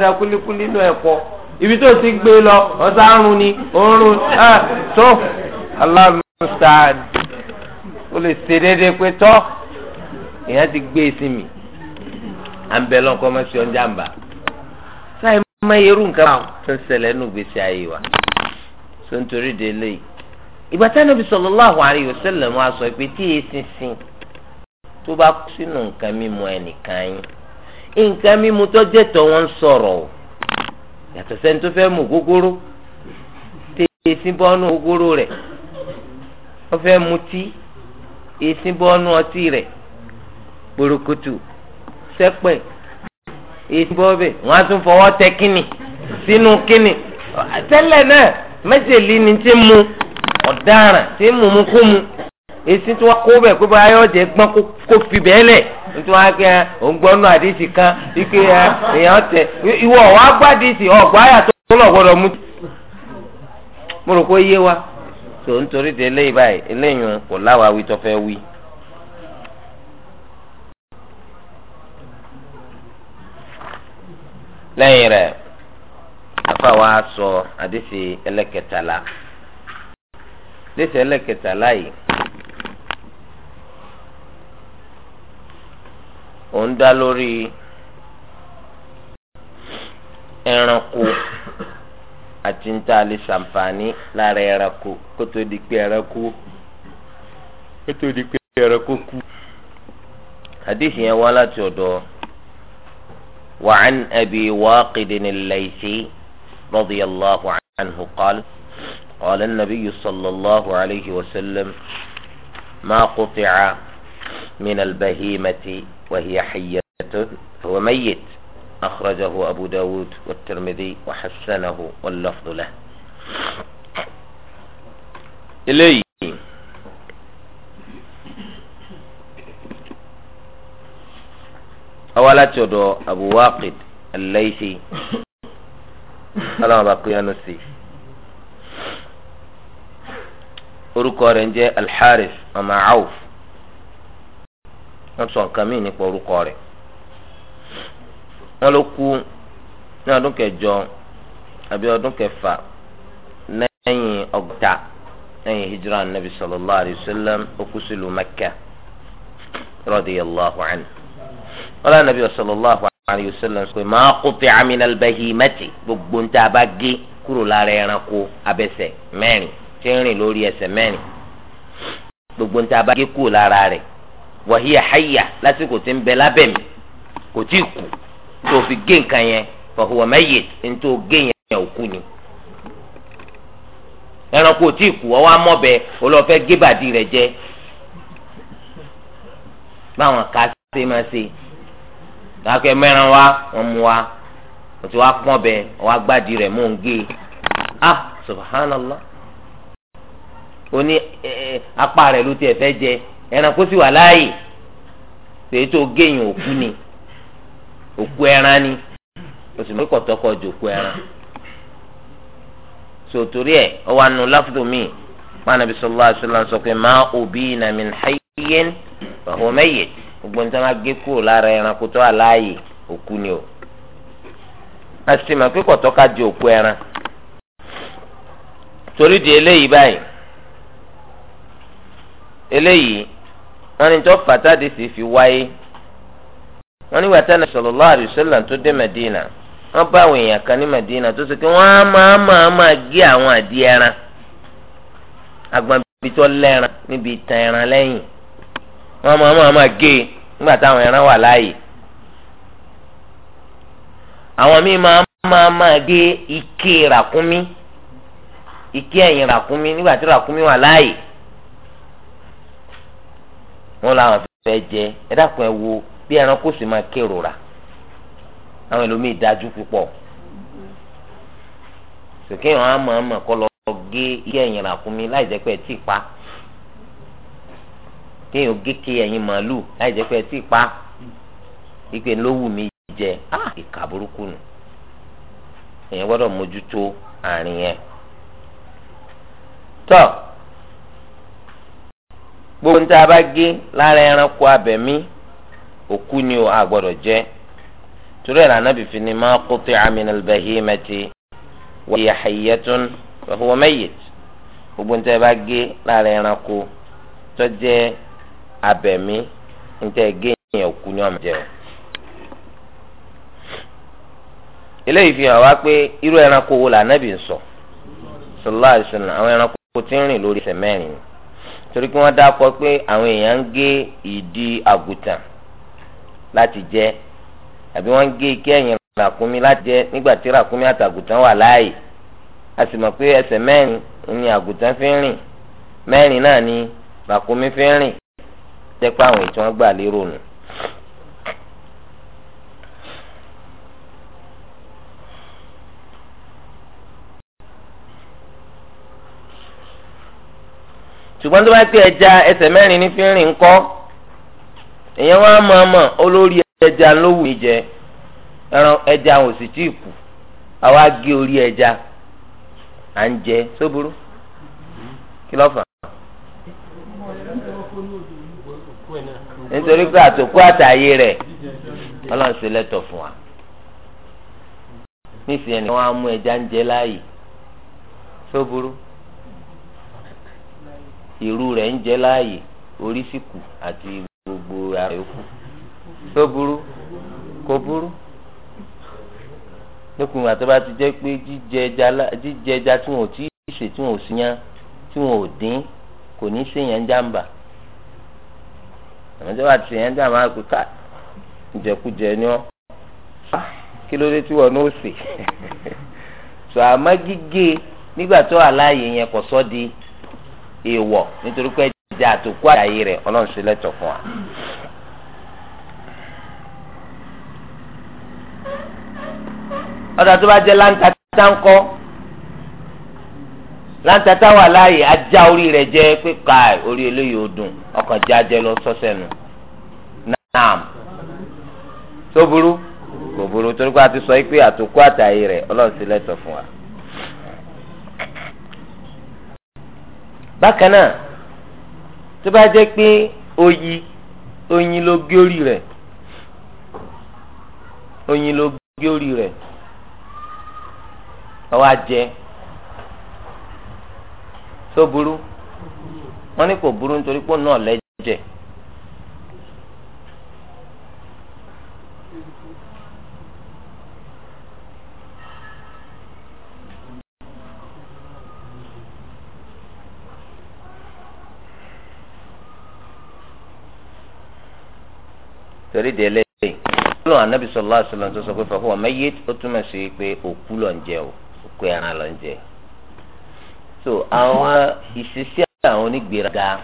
da kulikuli ibi tó ti gbé lọ ọ̀sán ni òórùn tó aláàmúsàn ó lè ṣe déédéé pé tọ́ èèyàn ti gbé e sí mi à ń bẹ lọ́nkọ́ mọ́ sí ọjà ń bà sáyẹn máa yẹrù nǹkan tó ń ṣẹlẹ̀ nù gbèsè wa ìgbà tí Ànábì sallallahu alayhi wa sallam wá sọ pé tí eṣinṣin tó bá kú sínú nǹkan mímu ẹnìkan yín nǹkan mímu tó jẹ́ tọ́ wọn sọ̀rọ̀ o yàtọ̀ sẹ́ni tó fẹ́ mu gógóró tí eṣin bọ́nú gógóró rẹ̀ wọ́n fẹ́ mu tí eṣin bọ́nú ọtí rẹ̀ pòròkòtò sẹ́pẹ̀ eṣin bọ́ọ̀bẹ̀ wọ́n á tún fọwọ́ tẹ kínni sínú kínni tẹ́lẹ̀ náà mẹ́sẹ̀lì ni ti mu. ọ̀daràn tí ń mú kú mu èsì tí wọ́n kó bẹ̀ pé bá yọ gbọ́n kó fi bẹ́ẹ̀ lẹ̀ nítorí wọn kẹ́ ẹ òun àdìsí kan èèyàn wa tó eléyìí báyìí eléyìí kò láwàá wí wí. lẹ́yìn rẹ̀ afa wa sọ lẹ́sẹ̀ ẹlẹ́kẹta láàyè ó ń dá lórí ẹranko àti ń tá a lè ṣàǹfààní lára ẹranko kó tó di pé ẹranko kó tó di pé ẹranko kú. حديث ولا تودو وعن أبي واقد الليثي رضي الله عنه قال قال النبي صلى الله عليه وسلم ما قطع من البهيمة وهي حية هو ميت أخرجه أبو داود والترمذي وحسنه واللفظ له إلي أولا تدو أبو واقد الليثي أنا يا نسي orúkọ rẹ̀ ń jẹ́ alḥaris ọmọ Auf wọ́n sọ nǹkan míì nípa orúkọ rẹ̀ wọ́n ló kú ní ọdún kẹjọ àbí ọdún kẹfà lẹ́yìn ọgọ́ta lẹ́yìn hijra nabi sallallahu alayhi wa sallam ó kú sílùú Mẹ́kà radiyallahu anhu wọ́n lọ́wọ́ nabi sallallahu alayhi wa sallam sọ ma quti'a min al-bahimati gbogbo ń tá a gé kúrò lára ẹranko abẹ́sẹ̀ mẹ́rin tí ń rìn lórí ẹsẹ̀ mẹ́rin gbogbo níta bá gé kúrò lára rẹ̀ wàhíyà háyà lásìkò tí ń bẹ lábẹ́ mi kò tí ì kú tó fi gé nǹkan yẹn fọwọ́ mẹ́yẹ ní tó gé yẹn òkú ni ẹranko ò tí ì kú ọwọ́ amọ́bẹ olọ́fẹ́ gé rẹ̀ jẹ́ báwọn ká ṣe máa ṣe lákẹ́ mẹ́ran wa wọ́n mú wa òtún wa pọ́n bẹ ọwọ́ agbádìí rẹ̀ mò ń gé ah subhanallah. ó ní eh, eh, apá rẹ̀ ti tiẹ̀ fẹ́ jẹ ẹranko sì wà láàyè tètò géyìn òkú ni òkú ẹran ni oṣù mẹ́rin kọ̀tọ́kọ̀ jòkú ẹran sotori ẹ ọwọ anu lafudu mi sọlá sọ pé má òbí na mi hayyen mẹyẹ gbogbo níta má gé kúrò lára ẹranko tó wà láàyè òkú ni o a sì mọ̀ ká di òkú ẹran torí eléyìí wọn ni tó fàtàdé sì fi wáyé wọn nígbà na Ànábì sallallahu to tó dé Madina wọn bá àwọn èèyàn kan ní Madina tó sọ pé wọn á máa máa máa gé àwọn àdí ẹran agbọn bíi níbi ama ẹran lẹ́yìn wọn máa máa máa gé e nígbà táwọn ẹran wà láàyè ike ràkúnmí ike ràkúnmí nígbà tí ràkúnmí wọn làwọn fẹ́ jẹ ẹ dákun ẹ wo bí ẹranko sì máa kérora àwọn ẹlòmíì dájú púpọ̀ sòkè wọn àmọ́ àmọ́ kọ́ lọ gé iye ẹ̀yìn ràkúnmí láì jẹ́ pé ẹ tí pa kéèyàn gé ké màálù láì pé ẹ pa ló wù mí jẹ ìka burúkú nù gbogbo níta bá lára ẹranko abẹ̀mí òkú ni o àgbọ̀dọ̀ jẹ́ torí ẹ̀rọ fi ni máa quti'a minal bahimati wa hiya hayyatun gbogbo níta bá lára ẹranko tó jẹ́ abẹ̀mí níta òkú ni ọmọ jẹ́ o. eléyìí fi hàn wá pé irú ẹranko wo làánábì ń sọ sallallahu àwọn ẹranko tí ń torí pé wọ́n dákọ̀ pé àwọn èèyàn ń gé ìdí àgùntàn láti jẹ àbí wọ́n ń gé ike ẹ̀yìn ràkúnmí láti jẹ nígbà tí ràkúnmí àtàgùntàn wà láàyè a sì mọ̀ pé ẹsẹ̀ mẹ́rin ni àgùntàn fi ń rìn mẹ́rin náà ni ràkúnmí fi ń rìn jẹ́ pé àwọn ètò wọn gbà lérò nù. ṣùgbọ́n tó bá pé ẹja ẹsẹ̀ mẹ́rin ní fi ńkọ́ èèyàn wá mọ̀ ọmọ olórí ẹja ló wù mí jẹ ẹran ẹja ò sì tí ì kù àwa gé orí ẹja à ń jẹ sóburú kí ló fà. nítorí pé àtòkú àtàyè rẹ̀ ọlọ́run ṣe irú rẹ̀ ń jẹ́ láàyè orí sì kù àti gbogbo ara yòókù tó burú kò burú lókun ìgbà tó bá ti jẹ́ pé jíjẹ ẹja tí wọn ò tí ì ṣe tí wọn ò sí tí wọn ò dín kò ní ṣèyàn jàǹbá àwọn ìjọba ti ṣèyàn jàǹbá pé ká ìjẹkújẹ ni wọn ah, kí ló dé tí wọn ní sè [LAUGHS] so àmọ́ gígé nígbà tó wà láàyè yẹn kò sọ di ìwọ nítorí pé jíjẹ àtòkù àyè rẹ̀ ọlọ́run lẹ́tọ̀ fún wa. tó bá jẹ́ láńtàtà ń kọ́ láńtàtà wà láàyè ajá orí rẹ̀ jẹ́ orí eléyìí ọkàn jẹ́ ajẹ́ lọ sọ́sẹ̀ naam tó burú kò burú sọ pé àtàyè rẹ ọlọ́run fún wa. bákan náà tó bá jẹ́ pé oyin oyin ló gé orí rẹ̀ oyin ló gé orí rẹ̀ ọwọ́ ajẹ́ tó burú wọ́n ní kò burú nítorí pé ó náà lẹ́jẹ̀. torí de eléyìí ló hàn nábì sallallahu alaihi wasallam tó sọ pé fa huwa ó túmọ̀ sí pé òkú ń jẹ o òkú ẹran ló ń jẹ so àwọn ìṣesí àwọn onígbéraga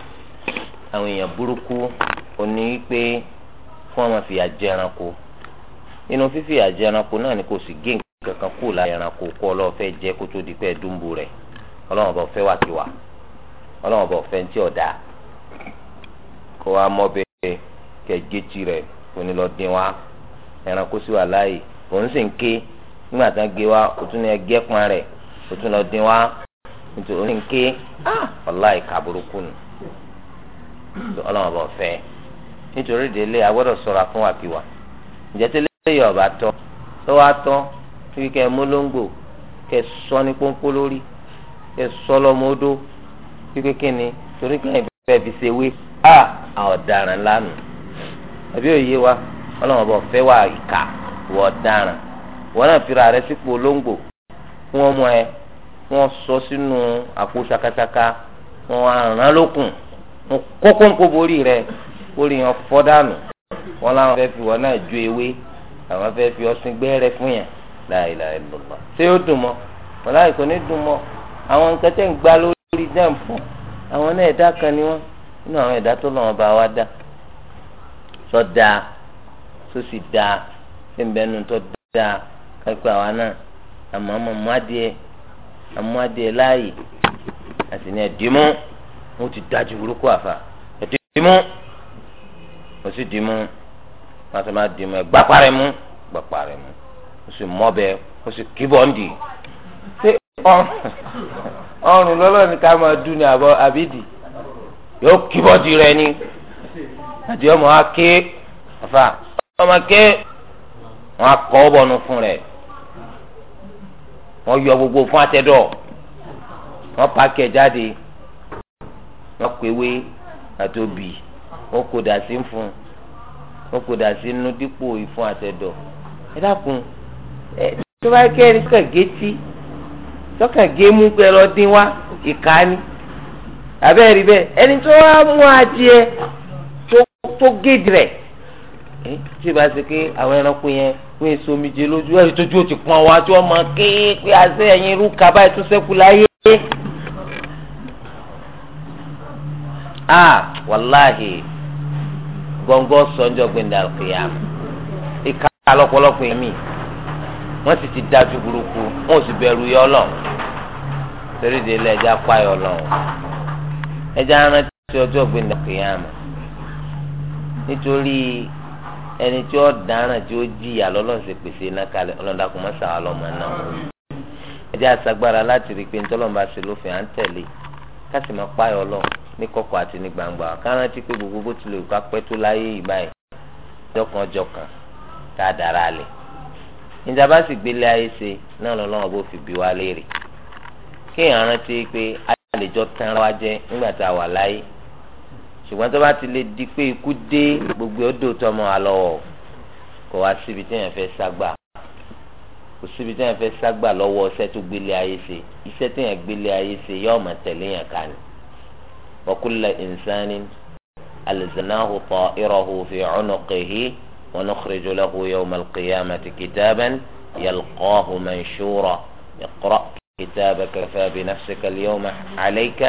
àwọn èèyàn burúkú oní pé fún àwọn fìyà jẹ ẹranko nínú fífi ẹranko náà ni kò sì gé nǹkan kan kú ẹranko kó ọlọ́wọ́ fẹ́ jẹ kó kẹ̀gẹ́tì rẹ̀ onílọ́dín wa ẹranko sì wà láàyè òun sì ń ké nígbà tán gé wa òtún ní ẹgẹ́ pọn rẹ̀ òtún lọ dín wa nítorí òun sì ń ké ọ̀la ah! ìka burúkú nù ọlọ́run ọba ọ̀fẹ́ nítorí délé agbọ́dọ̀ ṣọ́ra fún wàkiwà ǹjẹ́ tí lẹ́yìn ọba tọ́ tó wá kí kẹ́ mólóńgò kẹ́ sọ ní pọ́npọ́ lórí kẹ́ sọ lọ́mọ kí kékeré ni torí kẹ́ ẹ̀ bẹ́ẹ̀ fi ṣe wé ah! ọ̀daràn lánàá àbí òye wa ọlọ́wọ́n bọ̀ fẹ́ wà ìkà wọ̀ ọ̀daràn wọn náà fira rẹ sípò olóńgbò fún ọmọ ẹ wọn sọ sínú àpò sakasaka wọn àràn lókun wọn kókó ńkó borí rẹ borí yẹn fọ́ dànù wọn làwọn fẹ́ fi wọn náà ju ewé àwọn fẹ́ fi ọsìn gbẹ́rẹ́ fún yẹn láìláì lọ́gbà ṣé ó dùn mọ́ wọn láì kò ní dùn mọ́ àwọn nǹkan tẹ̀ ń gbá lórí dẹ́ǹfọ̀ àwọn náà ẹ̀dá kan ni wọ́n nínú àwọn ẹ̀dá tó lọ́wọ́ bá wa dá tó dáa tó sì dáa tí ń bẹnu tó dáa kápẹ́ àwa náà àmọ́ àmọ́ mú adìẹ àmú adìẹ láàyè àti ní ẹ̀dìmú wọ́n ti dájú burúkú àfa ẹ̀dìmú wọ́n sì dìmú wọ́n sì máa dìmú ẹ̀gbá mú gbà mú wọ́n sì mọ́bẹ wọ́n sì kíbọ̀ǹdì ṣé ọrùn lọ́lọ́ ni ká máa dún ní àbọ̀ àbídì yóò kíbọ̀ǹdì rẹ ni àti ọmọ wa ké àfà ọmọ ké wọn akọ ọ bọnu fún rẹ wọn yọ gbogbo fún atẹdọ wọn pààkì ẹ jáde wọn kọ ewé àti obì wọn kò dà sí fún wọn kò dà sí inú dípò ìfún atẹdọ ẹ dákun ẹ tó bá kẹ ẹni sọkàn gétí sọkàn gémú pé ẹlọ dín wá ìka ni àbẹ́rẹ́ bẹ́ẹ̀ ẹni tó wá mú adìẹ tó géèdì rẹ̀ tí ìbá ṣe pé àwọn ẹranko yẹn wọ́n èso omi jẹ lójú ẹ̀rí tójú ó ti pọ́n wá tí wọ́n máa ké pé àṣẹ ẹ̀yin irú kaba ẹ̀ tó ṣẹ́kù láyé. a wàláhì gọ́ngọ́ sọ́njọ́ gbẹ̀ndàkìyà ìka lọ́pọ̀lọpọ̀ èmi wọ́n sì ti dájú burúkú wọ́n sì bẹ̀rù yọ lọ torí délé ẹja payọ lọ ẹja rántí ọjọ́ gbẹ̀ndàkìyà mọ́. nítorí ẹni tí ó dáràn tí ó jìyà lọ́lọ́run pèsè iná kalẹ̀ ọlọ́dà kò má sàá náà ẹ àṣàgbára láti rí i pé ntọ́lọ́mọba ṣe lófin à ń tẹ̀lé e. máa ní kọ̀kọ̀ àti ní gbangba pé gbogbo bó tilẹ̀ òkú apẹ́ tó láyé tá a dára níta bá sì gbélé ayé ṣe náà bó fi bí wa léèrè pé ayé ṣùgbọ́n tó bá ti lè di pé ikú dé gbogbo ọdọ tọmọ àlọ́wọ́ kò wá síbi tí yẹn fẹ́ ságbà kò síbi tí yẹn fẹ́ ságbà lọ́wọ́ iṣẹ́ tó gbélé ayé ṣe iṣẹ́ tí yẹn gbélé ayé ṣe yóò máa tẹ̀lé yẹn ká ni. wa kulla insanin alzamnahu ta'irahu fi 'unuqihi wa nukhriju lahu yawma al-qiyamati kitaban yalqahu manshura iqra' kitabaka kafa bi nafsika al-yawma 'alayka